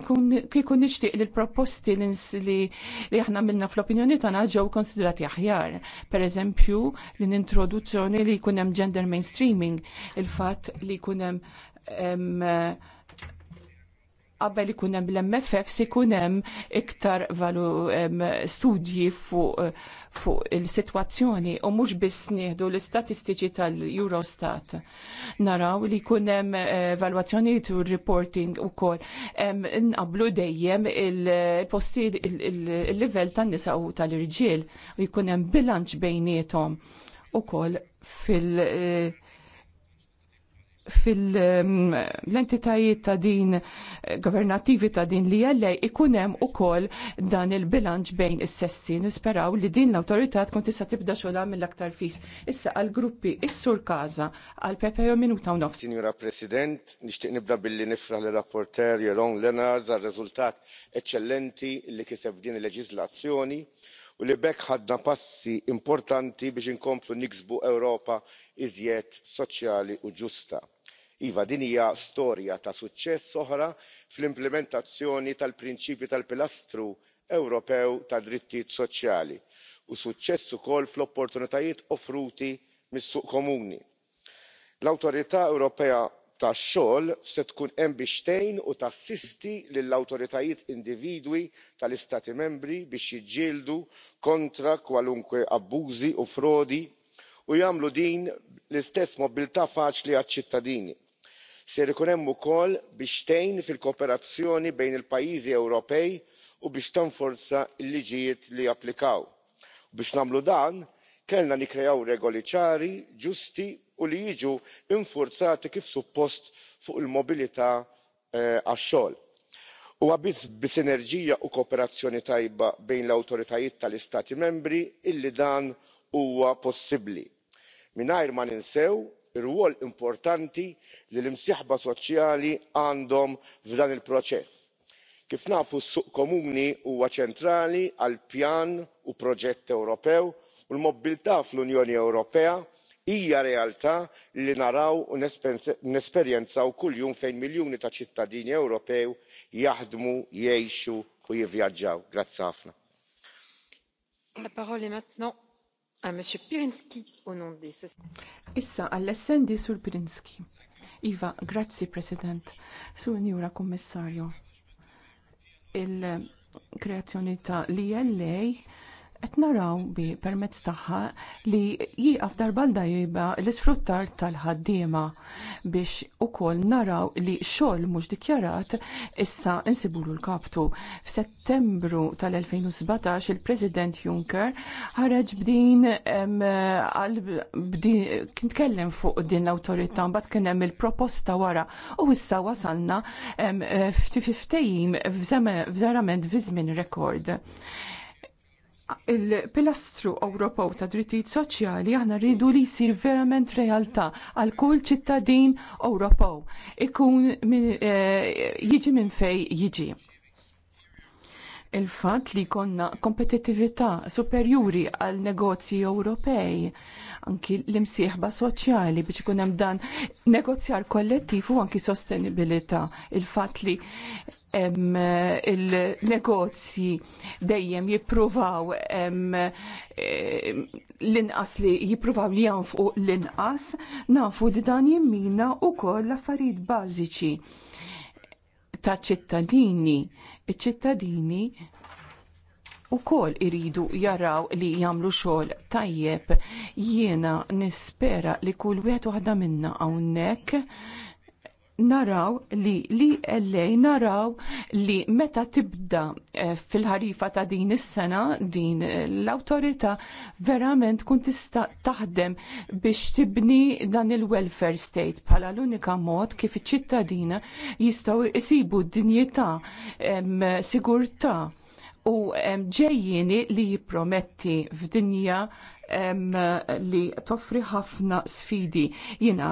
kikun nixtieq li l-proposti li aħna minna fl-opinjoni tagħna ġew konsiderati aħjar. Per eżempju, l-introduzzjoni li jkun hemm gender mainstreaming, il-fatt li jkun hemm qabel ikun hemm l-MFF se jkun hemm iktar valu studji fuq fu il-sitwazzjoni u mhux biss nieħdu l-istatistiċi tal-Eurostat. Naraw li jkun hemm eh, evalwazzjoni u reporting ukoll inqablu dejjem il-posti il-livell tan-nisa u tal-irġiel u jkun hemm bilanċ bejniethom ukoll fil- eh, fil-entitajiet ta' din governativi ta' din li jelle ikunem u kol dan il-bilanċ bejn is-sessi. Nisperaw li din l-autorità tkun tista' tibda xogħla mill-aktar fis. Issa għal-gruppi is-sur Kaza għal Pepe Minuta ta' nofs. Signora President, nixtieq nibda billi nifra l rapporter Jeron Lenars għal riżultat eċċellenti li kiseb din il leġizlazzjoni u li b'hekk ħadna passi importanti biex inkomplu niksbu ewropa iżjed soċjali u ġusta. iva din hija storja ta' suċċess oħra fl-implementazzjoni tal-prinċipji tal-pilastru ewropew tad drittijiet soċjali u suċċess ukoll fl-opportunitajiet offruti mis-suq komuni. l awtorità ewropea tax-xogħol se tkun hemm biex tgħin u tassisti lill-awtoritajiet individwi tal istati membri biex jiġġieldu kontra kwalunkwe abbużi u frodi u jagħmlu din l-istess mobilità faċli għaċ-ċittadini. Se ikun hemm ukoll biex tgħin fil-kooperazzjoni bejn il-pajjiżi ewropej u biex tinforza l-liġijiet li japplikaw. biex nagħmlu dan kellna nikkreaw regoli ċari ġusti u li jiġu infurzati kif suppost fuq il mobilità eh, għax xogħol. huwa biss bisinerġija u kooperazzjoni tajba bejn l-awtoritajiet tal istati membri li dan huwa possibbli mingħajr ma ninsew ir rwol importanti li l-imsieħba soċjali għandhom f'dan il proċess. kif nafu s-suq komuni huwa ċentrali għall pjan u proġett ewropew u l-mobilità fl-unjoni ewropea hija realtà li naraw u nesperjenzaw kuljum fejn miljuni ta' ċittadini ewropew jaħdmu jgħixu u jivvjaġġaw. grazzi ħafna. Iva, grazzi President. Sur Njura Kummissarju, il-kreazzjoni ta' l-ILA qed naraw bi permezz tagħha li jieqaf darba dajba l-isfruttar tal-ħaddiema biex ukoll naraw li xogħol mhux dikjarat issa insibulu l-kaptu. F'Settembru tal-2017 il-President Juncker ħareġ bdin kien tkellem fuq din l-awtorità mbagħad kien hemm il-proposta wara u issa wasalna ftehim verament fi żmien rekord il-pilastru Ewropew ta' drittijiet soċjali aħna rridu li jsir verament realtà għal kull ċittadin Ewropew ikun eh, jiġi minn fejn jiġi il-fat li konna kompetitività superjuri għal negozji Ewropej, anki l-imsieħba soċjali biex ikun hemm dan negozjar kollettiv u anki sostenibilità. Il-fat li eh, il-negozji dejjem jippruvaw eh, l-inqas li jippruvaw li janfqu l-inqas, nafu li dan jimmina u koll l-affarijiet bażiċi ta' ċittadini iċ-ċittadini wkoll iridu jaraw li jagħmlu xogħol tajjeb. Jiena nispera li kull wieħed waħda minna hawnhekk naraw li li LA naraw li meta tibda eh, fil-ħarifa ta' din is-sena din l-awtorità verament kun tista' taħdem biex tibni dan il-welfare state bħala l-unika mod kif iċ-ċittadina jistgħu jsibu d-dinjità sigurtà u ġejjini li jipprometti f'dinja li toffri ħafna sfidi. Jina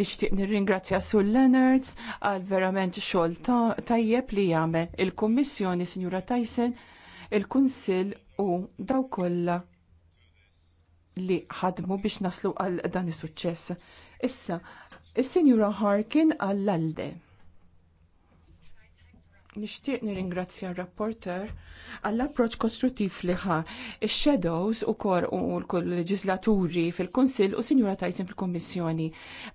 nixtieq nirringrazzja Sur Leonards għal verament xogħol tajjeb li jagħmel il-Kummissjoni Sinjura Tyson, il-Kunsill u daw kollha li ħadmu biex naslu għal dan is-suċċess. Issa, is-Sinjura Harkin għall-Alde. Nixtieq nirringrazzja r-rapporter għall-approċ kostruttiv liħa il shadows u kor u l-leġislaturi fil-Kunsill u Sinjura Tyson fil-Kommissjoni.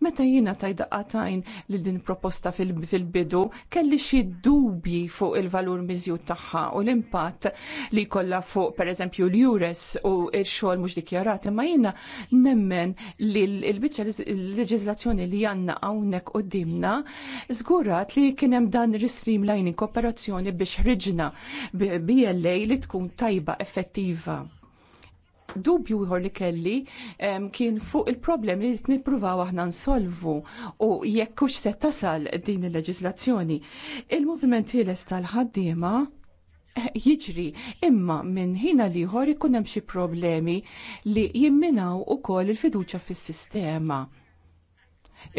Meta jiena tajdaqatajn li din proposta fil-bidu kelli xie dubji fuq il-valur mizju tagħha u l-impatt li kolla fuq pereżempju l-jures u il xogħol mhux dikjarat, imma jiena nemmen li l-biċċa leġislazzjoni li għandna hawnhekk dimna, żgurat li kien hemm dan ristreamlining kooperazzjoni biex ħriġna BLA li tkun tajba effettiva. Dubju jħor li kelli kien fuq il-problemi li nippruvaw aħna nsolvu u jekk hux se tasal din il-leġiżlazzjoni. Il-moviment ħieles tal-ħaddiema jiġri imma minn ħina liħor ikun hemm xi problemi li jimminaw ukoll il-fiduċja fis-sistema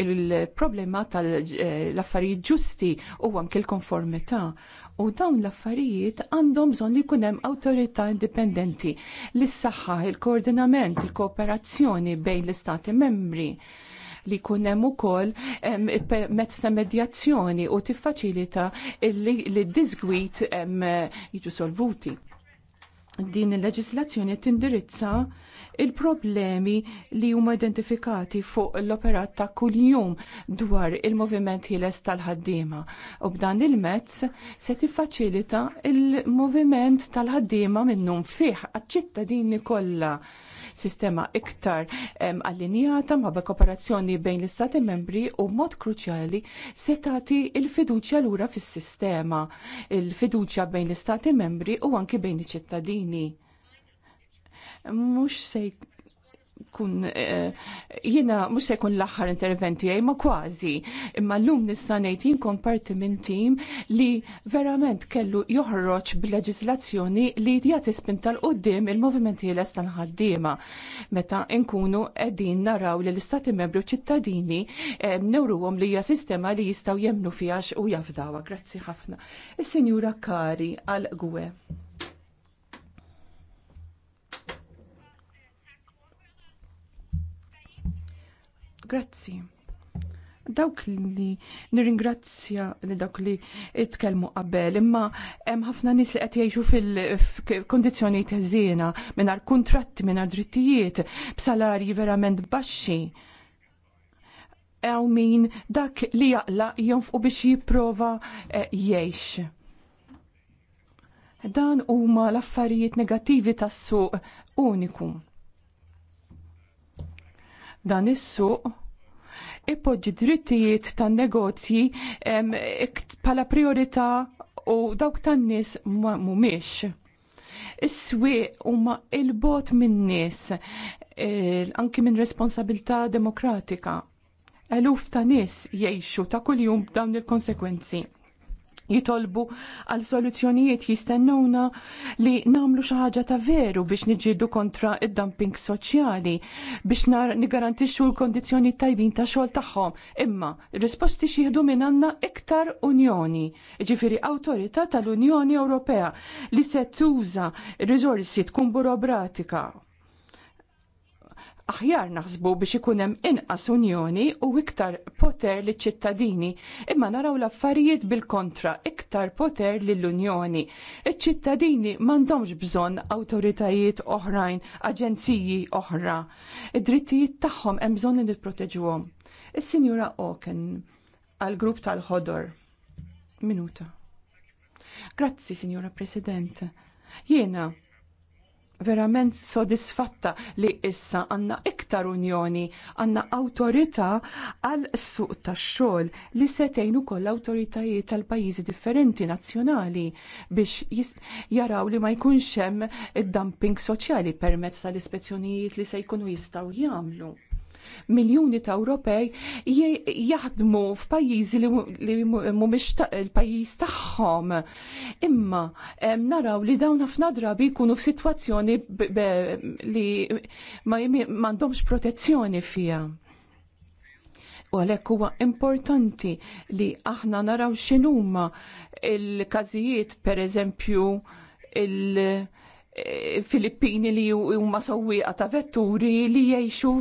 il-problema tal-affarijiet ġusti u anke l-konformità. U dawn l-affarijiet għandhom bżonn li jkun hemm awtorità indipendenti li s-saħħa, il-koordinament, il-kooperazzjoni bejn l-istati membri li jkun hemm ukoll mezz ta' medjazzjoni u tiffaċilita li d-disgwit jiġu solvuti din il-leġislazzjoni tindirizza il-problemi li huma identifikati fuq l-operat ta' kuljum dwar il-moviment ħieles tal-ħaddiema. U b'dan il-mezz se tiffaċilita il-moviment tal-ħaddiema minnum fih għaċ-ċittadini kollha sistema iktar allinjata ma' kooperazzjoni bejn l-istati membri u mod kruċjali se tagħti il-fiduċja lura fis-sistema, il-fiduċja bejn l-istati membri u anki bejn iċ-ċittadini. Mhux se kun eh, jiena mhux se jkun l-aħħar intervent tiegħi ma kważi imma llum nista' ngħid jien komparti minn tim li verament kellu joħroġ leġizlazzjoni li jidja tispin tal qoddim il-movimenti ħieles tal-ħaddiema meta nkunu qegħdin naraw li l-istati membru ċittadini eh, newruhom li hija sistema li jistgħu jemnu fijax u jafdawa. Grazzi ħafna. Is-Sinjura Kari għal Gwe. Grazzi. Dawk li nirringrazzja li dawk li itkelmu qabel, imma hemm ħafna nies li qed jgħixu fil-kondizzjoni żiena mingħajr kuntratti, mingħajr drittijiet, b'salarji verament baxxi hawn min dak li jaqla jonfqu biex jipprova eh, jgħix. Dan huma l-affarijiet negattivi tas-suq uniku dan is-suq ipoġġi drittijiet tan-negozji bħala priorità u dawk tan-nies mhumiex. Is-swieq huma il-bot min-nies eh, anki minn responsabilità demokratika. Eluf ta' nies jgħixu ta' kuljum b'dawn il-konsekwenzi jitolbu għal soluzzjonijiet jistennuna li namlu xaħġa ta' veru biex nġiddu kontra id-dumping soċjali biex nar nigarantixxu l kondizjoni tajbin ta' xogħol tagħhom. Imma risposti xieħdu minn għandna iktar Unjoni, ġifiri awtorità tal-Unjoni Ewropea li se tuża riżorsi tkun burobratika aħjar naħsbu biex ikun hemm inqas unjoni u iktar poter li ċittadini imma naraw l-affarijiet bil-kontra iktar poter lill unjoni Iċ-ċittadini m'għandhomx bżonn awtoritajiet oħrajn, aġenziji oħra. Id-drittijiet tagħhom hemm bżonn li nipproteġuhom. Is-Sinjura Oken għall-grupp tal-ħodor. Minuta. Grazzi, Sinjura President. Jiena, verament sodisfatta li issa għanna iktar unjoni, għanna autorita għal suq tax xogħol li setejn ukoll autoritajiet tal-pajjiżi differenti nazzjonali biex jaraw li ma jkunx hemm id-dumping soċjali permezz tal-ispezzjonijiet li se jkunu jistgħu jagħmlu miljuni ta' Ewropej jaħdmu f'pajjiżi li mhumiex il-pajjiż tagħhom. Imma naraw li dawn ħafna drabi jkunu f'sitwazzjoni li m'għandhomx protezzjoni fiha. U għalhekk huwa importanti li aħna naraw x'inhuma il-każijiet pereżempju il- Filippini li huma sewwieqa ta' vetturi li jgħixu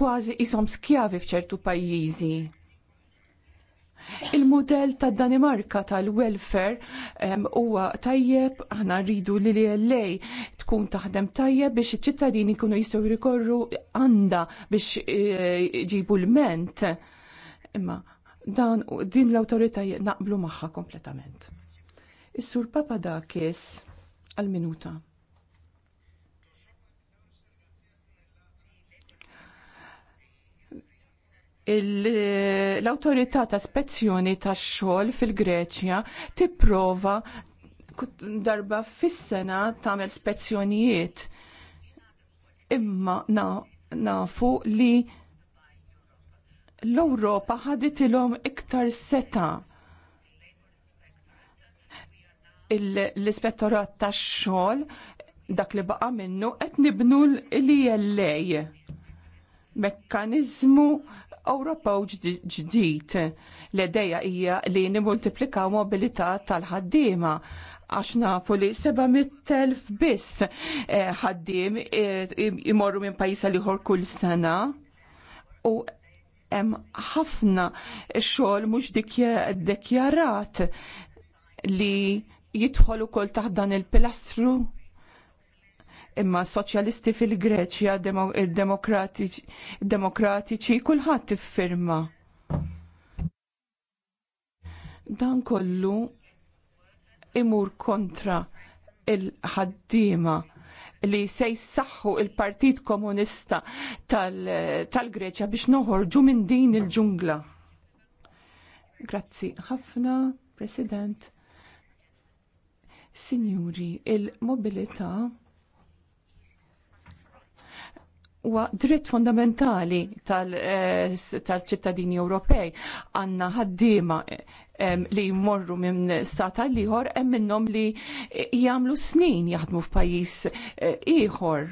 kważi isom skjavi f'ċertu pajjiżi. Il-modell ta' Danimarka tal-welfare huwa tajjeb, aħna rridu li li la tkun taħdem tajjeb biex iċ-ċittadini kunu jistgħu jrikorru għandha biex e, ġibu l-ment. Imma dan din l-awtorità naqblu magħha kompletament. Is-sur Papadakis għal-minuta. l-autorità ta' spezzjoni tax xogħol fil-Greċja tipprova darba fis-sena tagħmel spezzjonijiet. Imma nafu li l-Ewropa ħaditilhom iktar seta' l-ispettorat tax xogħol dak li baqa minnu qed nibnu l-ILA mekkanizmu Ewropew ġdid l-edeja hija li nimultiplikaw mobilità tal-ħaddiema għax nafu li 700.000 biss eh, ħaddiem eh, imorru minn pajjiż li kull sena u hemm ħafna xogħol mhux dikjarat li jidħol ukoll taħt dan il-pilastru imma soċjalisti fil-Greċja, demokratiċi, kulħadd iffirma. Dan kollu imur kontra il-ħaddiema li se jissaħħu il-Partit Komunista tal-Greċja tal biex noħorġu minn din il-ġungla. Grazzi ħafna, President. Signori, il-mobilità huwa dritt fondamentali eh, tal-ċittadini Ewropej għandna ħaddiema li jmorru minn stat għal ieħor hemm minnhom li jagħmlu snin jaħdmu f'pajjiż eh, ieħor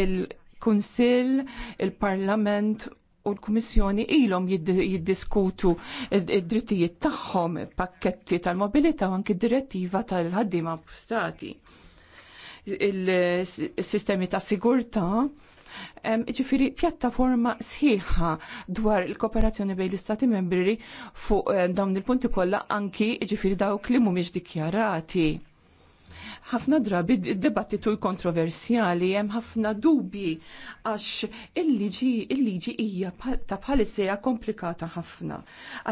il-Kunsill, il-Parlament u l-Kummissjoni ilhom jiddiskutu id-drittijiet tagħhom pakketti tal-mobilità u anki d-direttiva tal-ħaddiema stati. Il-sistemi ta' sigurtà ġifiri pjattaforma sħiħa dwar il-kooperazzjoni bejn l-istati membri fuq dawn il-punti kollha anki ġifiri dawk li mhumiex dikjarati ħafna drabi id-debattitu kontroversjali hemm ħafna dubi għax il-liġi il-liġi hija ta' bħalissejja komplikata ħafna.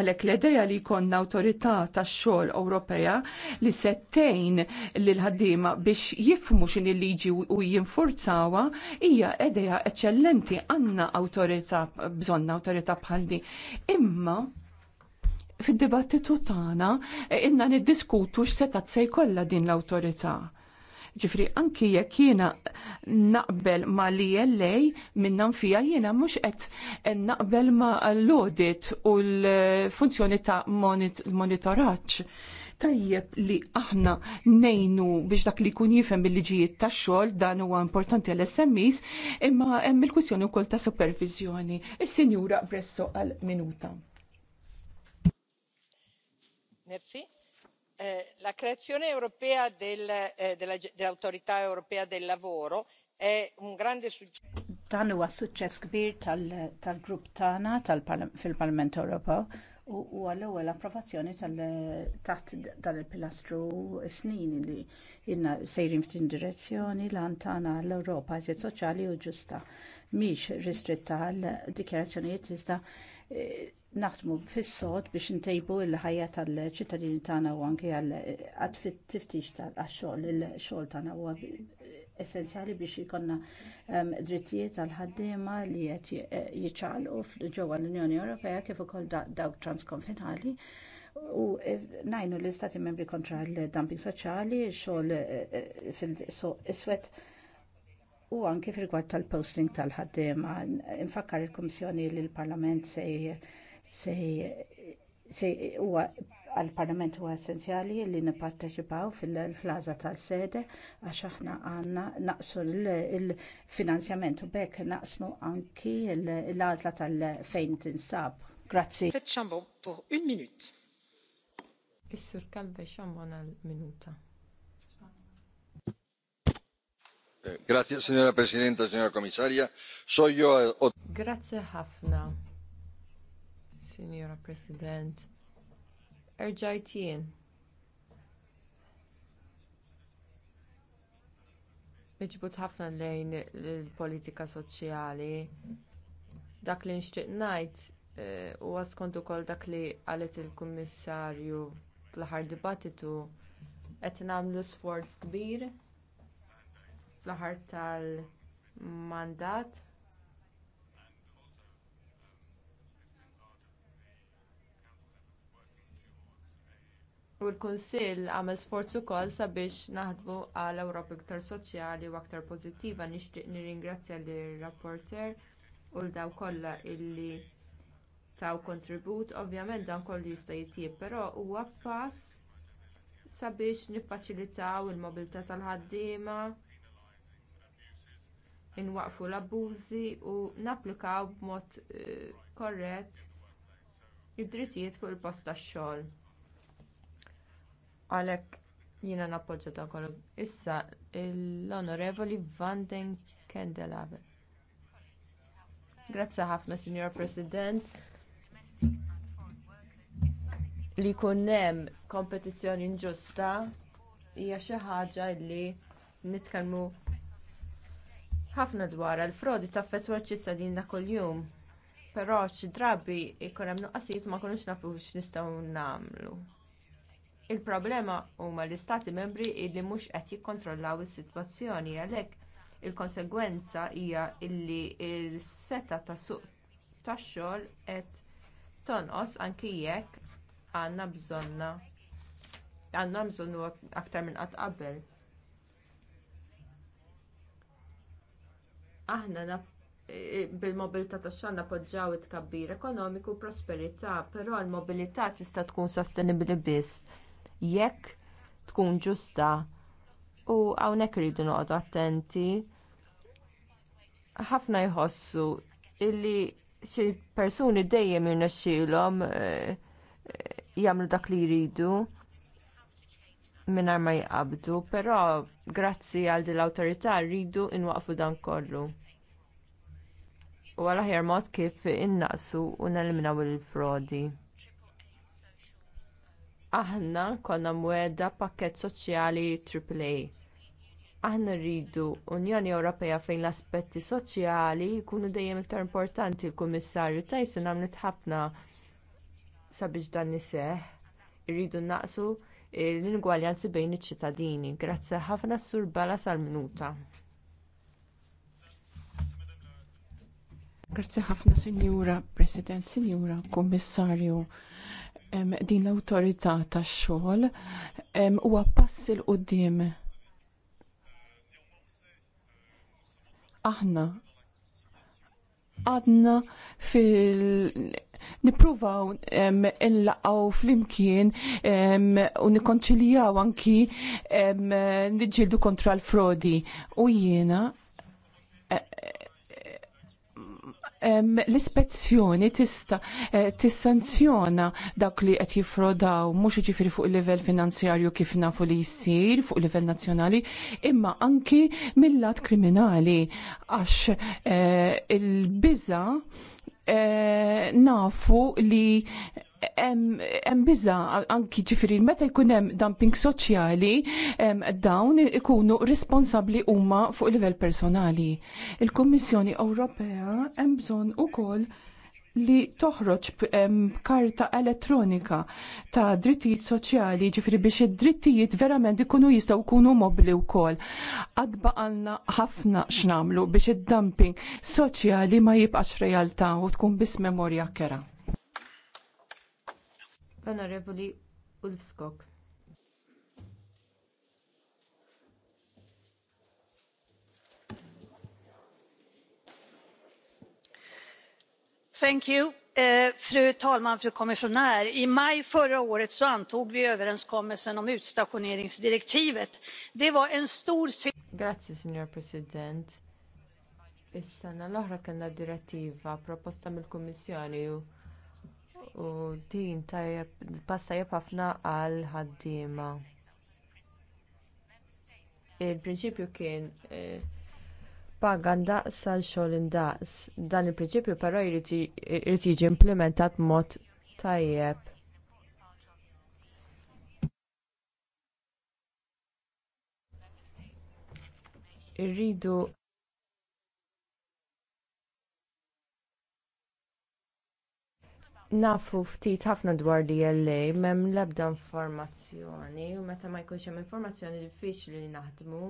Għalhekk l-idea li jkollna awtorità tax-xogħol Ewropea li settejn lil ħaddiema biex jifmu x'in il-liġi u jinfurzawa hija idea eċċellenti għandna awtorità bżonna awtorità bħal din. Imma fid-dibattitu tagħna eh, inna niddiskutu x'setat se jkollha din l-awtorità. Ġifri, anki jekk jiena naqbel ma li LA minnan fija jiena mhux qed naqbel ma l-audit u l-funzjoni ta' monitoraġġ. Tajjeb li aħna nejnu biex dak li kun jifhem bil-liġijiet tax-xogħol dan huwa importanti għal SMIs imma hemm il-kwistjoni wkoll ta' supervizjoni. Is-Sinjura Bresso għal minuta. Eh, la creazione eh, dell'autorità europea del lavoro è un grande successo. dan huwa suċċess kbir tal-grupp tagħna fil-Parlament Ewropew u huwa l-ewwel approvazzjoni taħt dan il-pilastru snin li jinna sejrin f'din direzzjoni lan tagħna l-Ewropa eżiet soċjali u ġusta mhix ristretta għal dikjarazzjonijiet iżda eh, naħdmu fis-sod biex intejbu l-ħajja tal-ċittadini tagħna u anke għad tiftix tal-xogħol il-xogħol tagħna huwa essenzjali biex ikonna ehm, drittijiet tal-ħaddiema li qed eh, jiċċaqalqu ġewwa l-Unjoni Ewropea kif ukoll dawk transkonfinali u eh, najnu l-istati membri kontra l-dumping soċjali, xogħol eh, fil-iswed u anke fil-gwad tal-posting tal-ħaddiema. Infakkar il-Kummissjoni li l-Parlament se se se huwa għal parlament huwa essenzjali li nipparteċipaw fil-flaża tal-sede għax aħna għandna naqsu l-finanzjament u bekk naqsmu anki l-għażla tal-fejn tinsab. Grazzi. Fet xambo pour un minut. Is-sur Kalbe xambo għal-minuta. Eh, grazie signora Presidenta, signora Commissaria. So io... Eh, grazie Hafna. Signora President. Erġajt jien. ħafna lejn il-politika soċjali. Dak li nixtieq ngħid eh, huwa skont ukoll dak li qalet il-Kummissarju fl-aħħar dibattitu qed nagħmlu sforz kbir fl-aħħar tal-mandat u l-kunsill għamel sforz ukoll sabiex naħdmu għal ewropa iktar soċjali u aktar pożittiva nixtieq nirringrazzja lir rapporter u l dawk kollha illi taw kontribut ovvjament dan kollu jista' jitjieb però huwa pass sabiex niffaċilitaw il-mobilità tal-ħaddiema inwaqfu l-abbużi u napplikaw b'mod eh, korrett id-drittijiet fuq il-post tax-xogħol Għalhekk jiena nappoġġja dan kollu. Issa l-Onorevoli Van den Kendelave. Grazzi ħafna, Signor President. Li jkun hemm kompetizzjoni inġusta hija xi ħaġa li nitkellmu ħafna dwar il-frodi taffettwa ċ-ċittadin ta' kuljum. Però xi drabi jkun hemm nuqqasijiet ma konux nafu x'nistgħu nagħmlu il-problema huma l-istati membri li mhux qed jikkontrollaw is-sitwazzjoni għalhekk il-konsegwenza hija li s-seta tas-suq tax-xogħol qed tonqos anki jekk għandna bżonna għandna bżonnu aktar minn qatt qabel. Aħna eh, bil-mobilità tax-xogħol napoġġaw it-tkabbir ekonomiku u prosperità, però l-mobilità tista' tkun sostenibbli biss jekk tkun ġusta u hawnhekk iridu noqogħdu attenti ħafna jħossu illi xi persuni dejjem irnexxielhom eh, jagħmlu dak li jridu mingħajr ma jqabdu, però grazzi għal din l-awtorità rridu inwaqfu dan kollu. U għal aħjar mod kif innaqsu u neliminaw il-frodi aħna konna mwiegħda pakkett soċjali AAA. Aħna rridu Unjoni Ewropea fejn l-aspetti soċjali jkunu dejjem iktar importanti l-Kummissarju Tyson għamlet ħafna sabiex dan iseħħ. Irridu naqsu l-ingwaljanzi bejn iċ-ċittadini. Grazzi ħafna sur Balas għall minuta Grazzi ħafna, Sinjura President, Signora Kommissarju din l-autorità tax-xogħol huwa passi l qudiem Aħna għadna fil nipruvaw fl flimkien u nikonċiljaw anki niġġieldu kontra l-frodi u jiena l-ispezzjoni tista' eh, tissanzjona dak li qed jifrodaw mhux jiġifieri fuq il-livell finanzjarju kif nafu li jsir fuq livell nazzjonali, imma anki mill-lat kriminali għax eh, il-biża' eh, nafu li hemm biża anki ġifieri meta jkun hemm dumping soċjali dawn ikunu responsabbli huma fuq livell personali. Il-Kummissjoni Ewropea hemm bżonn ukoll li toħroġ karta elettronika ta' drittijiet soċjali ġifri biex id-drittijiet verament ikunu jistgħu jkunu mobli wkoll. Adba għandna ħafna x'namlu biex id-dumping soċjali ma jibqax realtà u tkun biss memorja kera l-onorevoli eh, fru talman! fru kommissionär! i maj förra året antog vi överenskommelsen om utstationeringsdirektivet. det var en stor Grazie, signor Is-sena l-oħra kellna direttiva proposta mill-Kummissjoni u u din tajjeb passajjeb ħafna għal ħaddiema. Il-prinċipju kien e, paga ndaqs għal xogħol indaqs. Dan il-prinċipju però jrid jiġi implementat b'mod tajjeb. Irridu nafu ftit ħafna dwar DLA m'hemm l-ebda informazzjoni u meta ma jkunx hemm informazzjoni diffiċli li naħdmu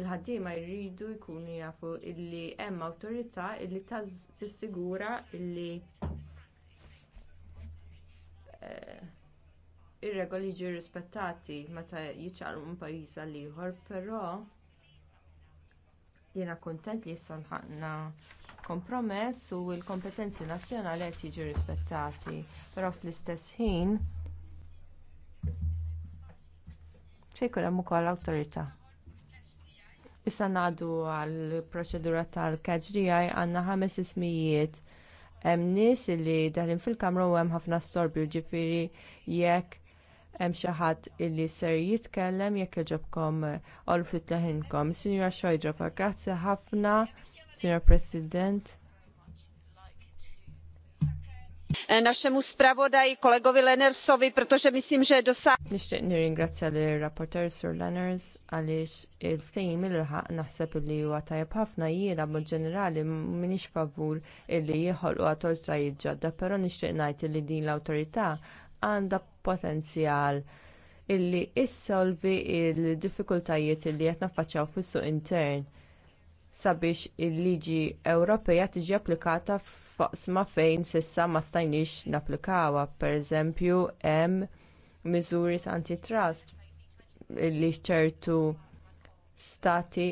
il-ħaddiema jridu jkunu jafu li hemm awtorità li tissigura li eh, ir-regoli jiġu rispettati meta jiċċaqalqu minn pajjiż għal ieħor, però jiena kuntent li issa nħaqna kompromess u l-kompetenzi nazzjonali qed jiġu rispettati, però fl-istess ħin se hemm ukoll awtorità. Issa ngħaddu għall proċedura tal-catch għandna ħames ismijiet hemm nies li daħlin fil-kamra u hemm ħafna storbju ġifieri jekk hemm xi ħadd illi ser jitkellem jekk jogħġobkom għolfit leħinkom. Sinjura Xojdrofa, grazzi ħafna. Signor President. Eh, našemu zpravodaji kolegovi Lenersovi, protože myslím, že dosáhl. Nixtieq nirringrazzja l rapporteur Sur Leners għaliex il-ftehim il-ħaq naħseb li huwa tajjeb ħafna jiena mod ġenerali minix favur illi jieħolqu għatoltrajiet ġodda, però nixtieq ngħid li din l-awtorità għandha potenzjal illi issolvi l diffikultajiet illi qed naffaċċjaw fis-suq intern sabiex il-liġi Ewropea tiġi applikata f'qsma fejn s'issa ma stajniex napplikawha, pereżempju hemm miżuri antitrust li ċertu stati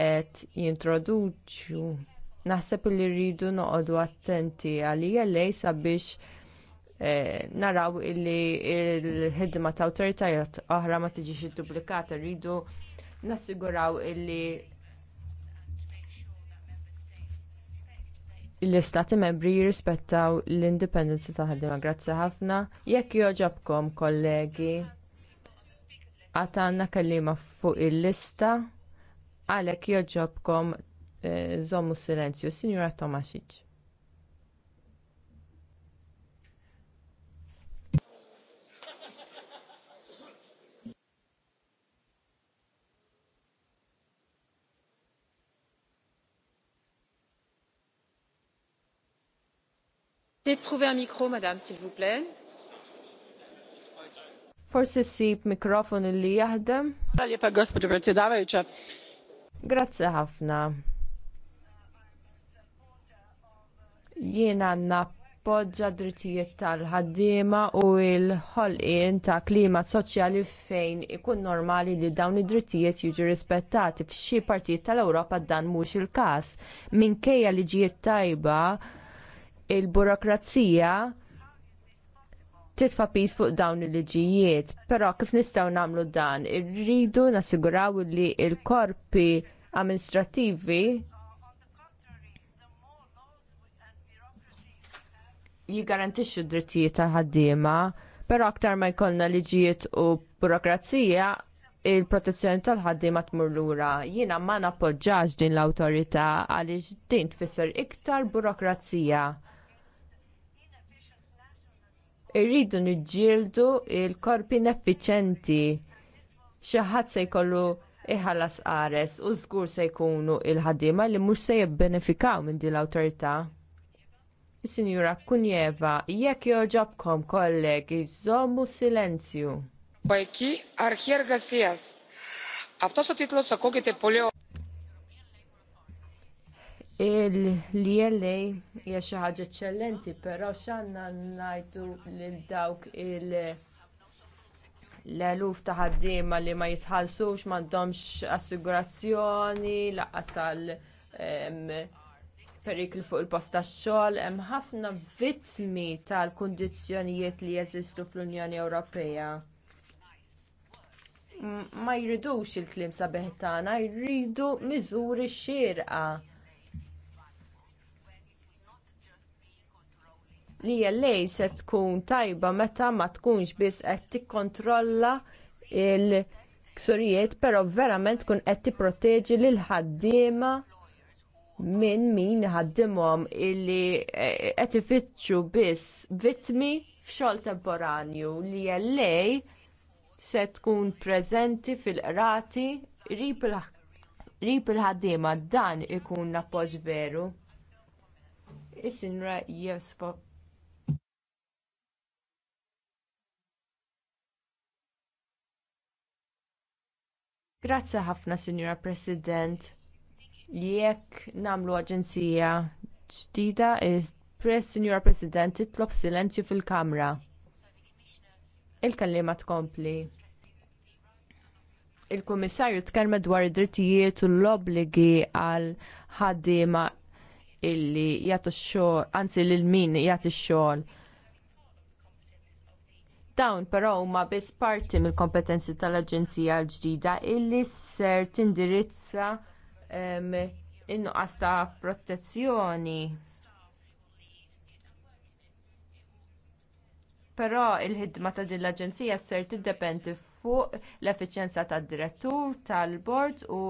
qed jintroduċu. Naħseb li rridu noqogħdu attenti għalija e lej sabiex eh, naraw illi il-ħidma ta' awtoritajiet oħra ma tiġix id rridu nassiguraw illi l-istati membri jirrispettaw l-indipendenza ta' ħaddiema grazzi ħafna jekk jogħġobkom kollegi għad għandna kelliema fuq il-lista għalhekk jogħġobkom eh, żommu s-silenzju sinjura tomasic Essayez de Forsi ssib mikrofon li jaħdem. Għalli Grazzi ħafna. Jiena nappoġġa drittijiet tal-ħaddiema u l-ħolqien ta' klima soċjali fejn ikun normali li dawn id-drittijiet jiġu rispettati f'xi partijiet tal-Ewropa dan mhux il-każ. Minkejja liġijiet tajba il-burokrazija titfa' pis fuq dawn il-liġijiet, però kif nistgħu nagħmlu dan? Irridu nassiguraw li l-korpi amministrattivi jigarantixxu d-drittijiet tal-ħaddiema, però aktar ma jkollna liġijiet u burokrazija, il-protezzjoni tal-ħaddiema tmur lura. Jiena ma nappoġġax din l-awtorità għaliex din tfisser iktar burokrazija irridu niġġieldu l korpi inefficienti. Xi ħadd se jkollu iħallas qares u żgur se jkunu l ħaddiema li mhux se jibbenefikaw minn din l-awtorità. Is-Sinjura Kunjeva, jekk joġobkom kollegi, żommu silenzju. Bajki, il-ela hija xi ħaġa eċċellenti però x'għandna ngħidu lil dawk l-eluf ta' ħaddiema li ma jitħallsux m'għandhomx assigurazzjoni lanqas għal perikli fuq il-post tax-xogħol hemm ħafna vittmi tal-kundizzjonijiet li jeżistu fl-Unjoni Ewropea ma jridux il-klim sabiħ tagħna, jridu miżuri xierqa l lej se tkun tajba meta ma tkunx biss qed tikkontrolla l ksurijiet però verament tkun qed tipproteġi lil ħaddiema minn min ħaddimhom illi e, qed ifittxu biss vittmi f'xogħol temporanju li l-lej se tkun preżenti fil-qrati rip il-ħaddiema dan ikun appoġġ veru. Is-sinra Jespop Grazzi ħafna, Signora President. Jekk nagħmlu aġenzija ġdida, press Sinjora President titlob silenzju fil-kamra. Il-kallima tkompli. Il-Kummissarju tkellma dwar id-drittijiet u l-obbligi għal ħaddiema illi jagħtu x-xogħol, anzi lil min jagħti x-xogħol Dawn però huma biss parti mill-kompetenzi tal-Aġenzija l-ġdida illi ser tindirizza um, in-nuqqas ta' protezzjoni. Però l ħidma ta' din l-Aġenzija ser tiddependi fuq l-effiċjenza tad-direttur tal-bord u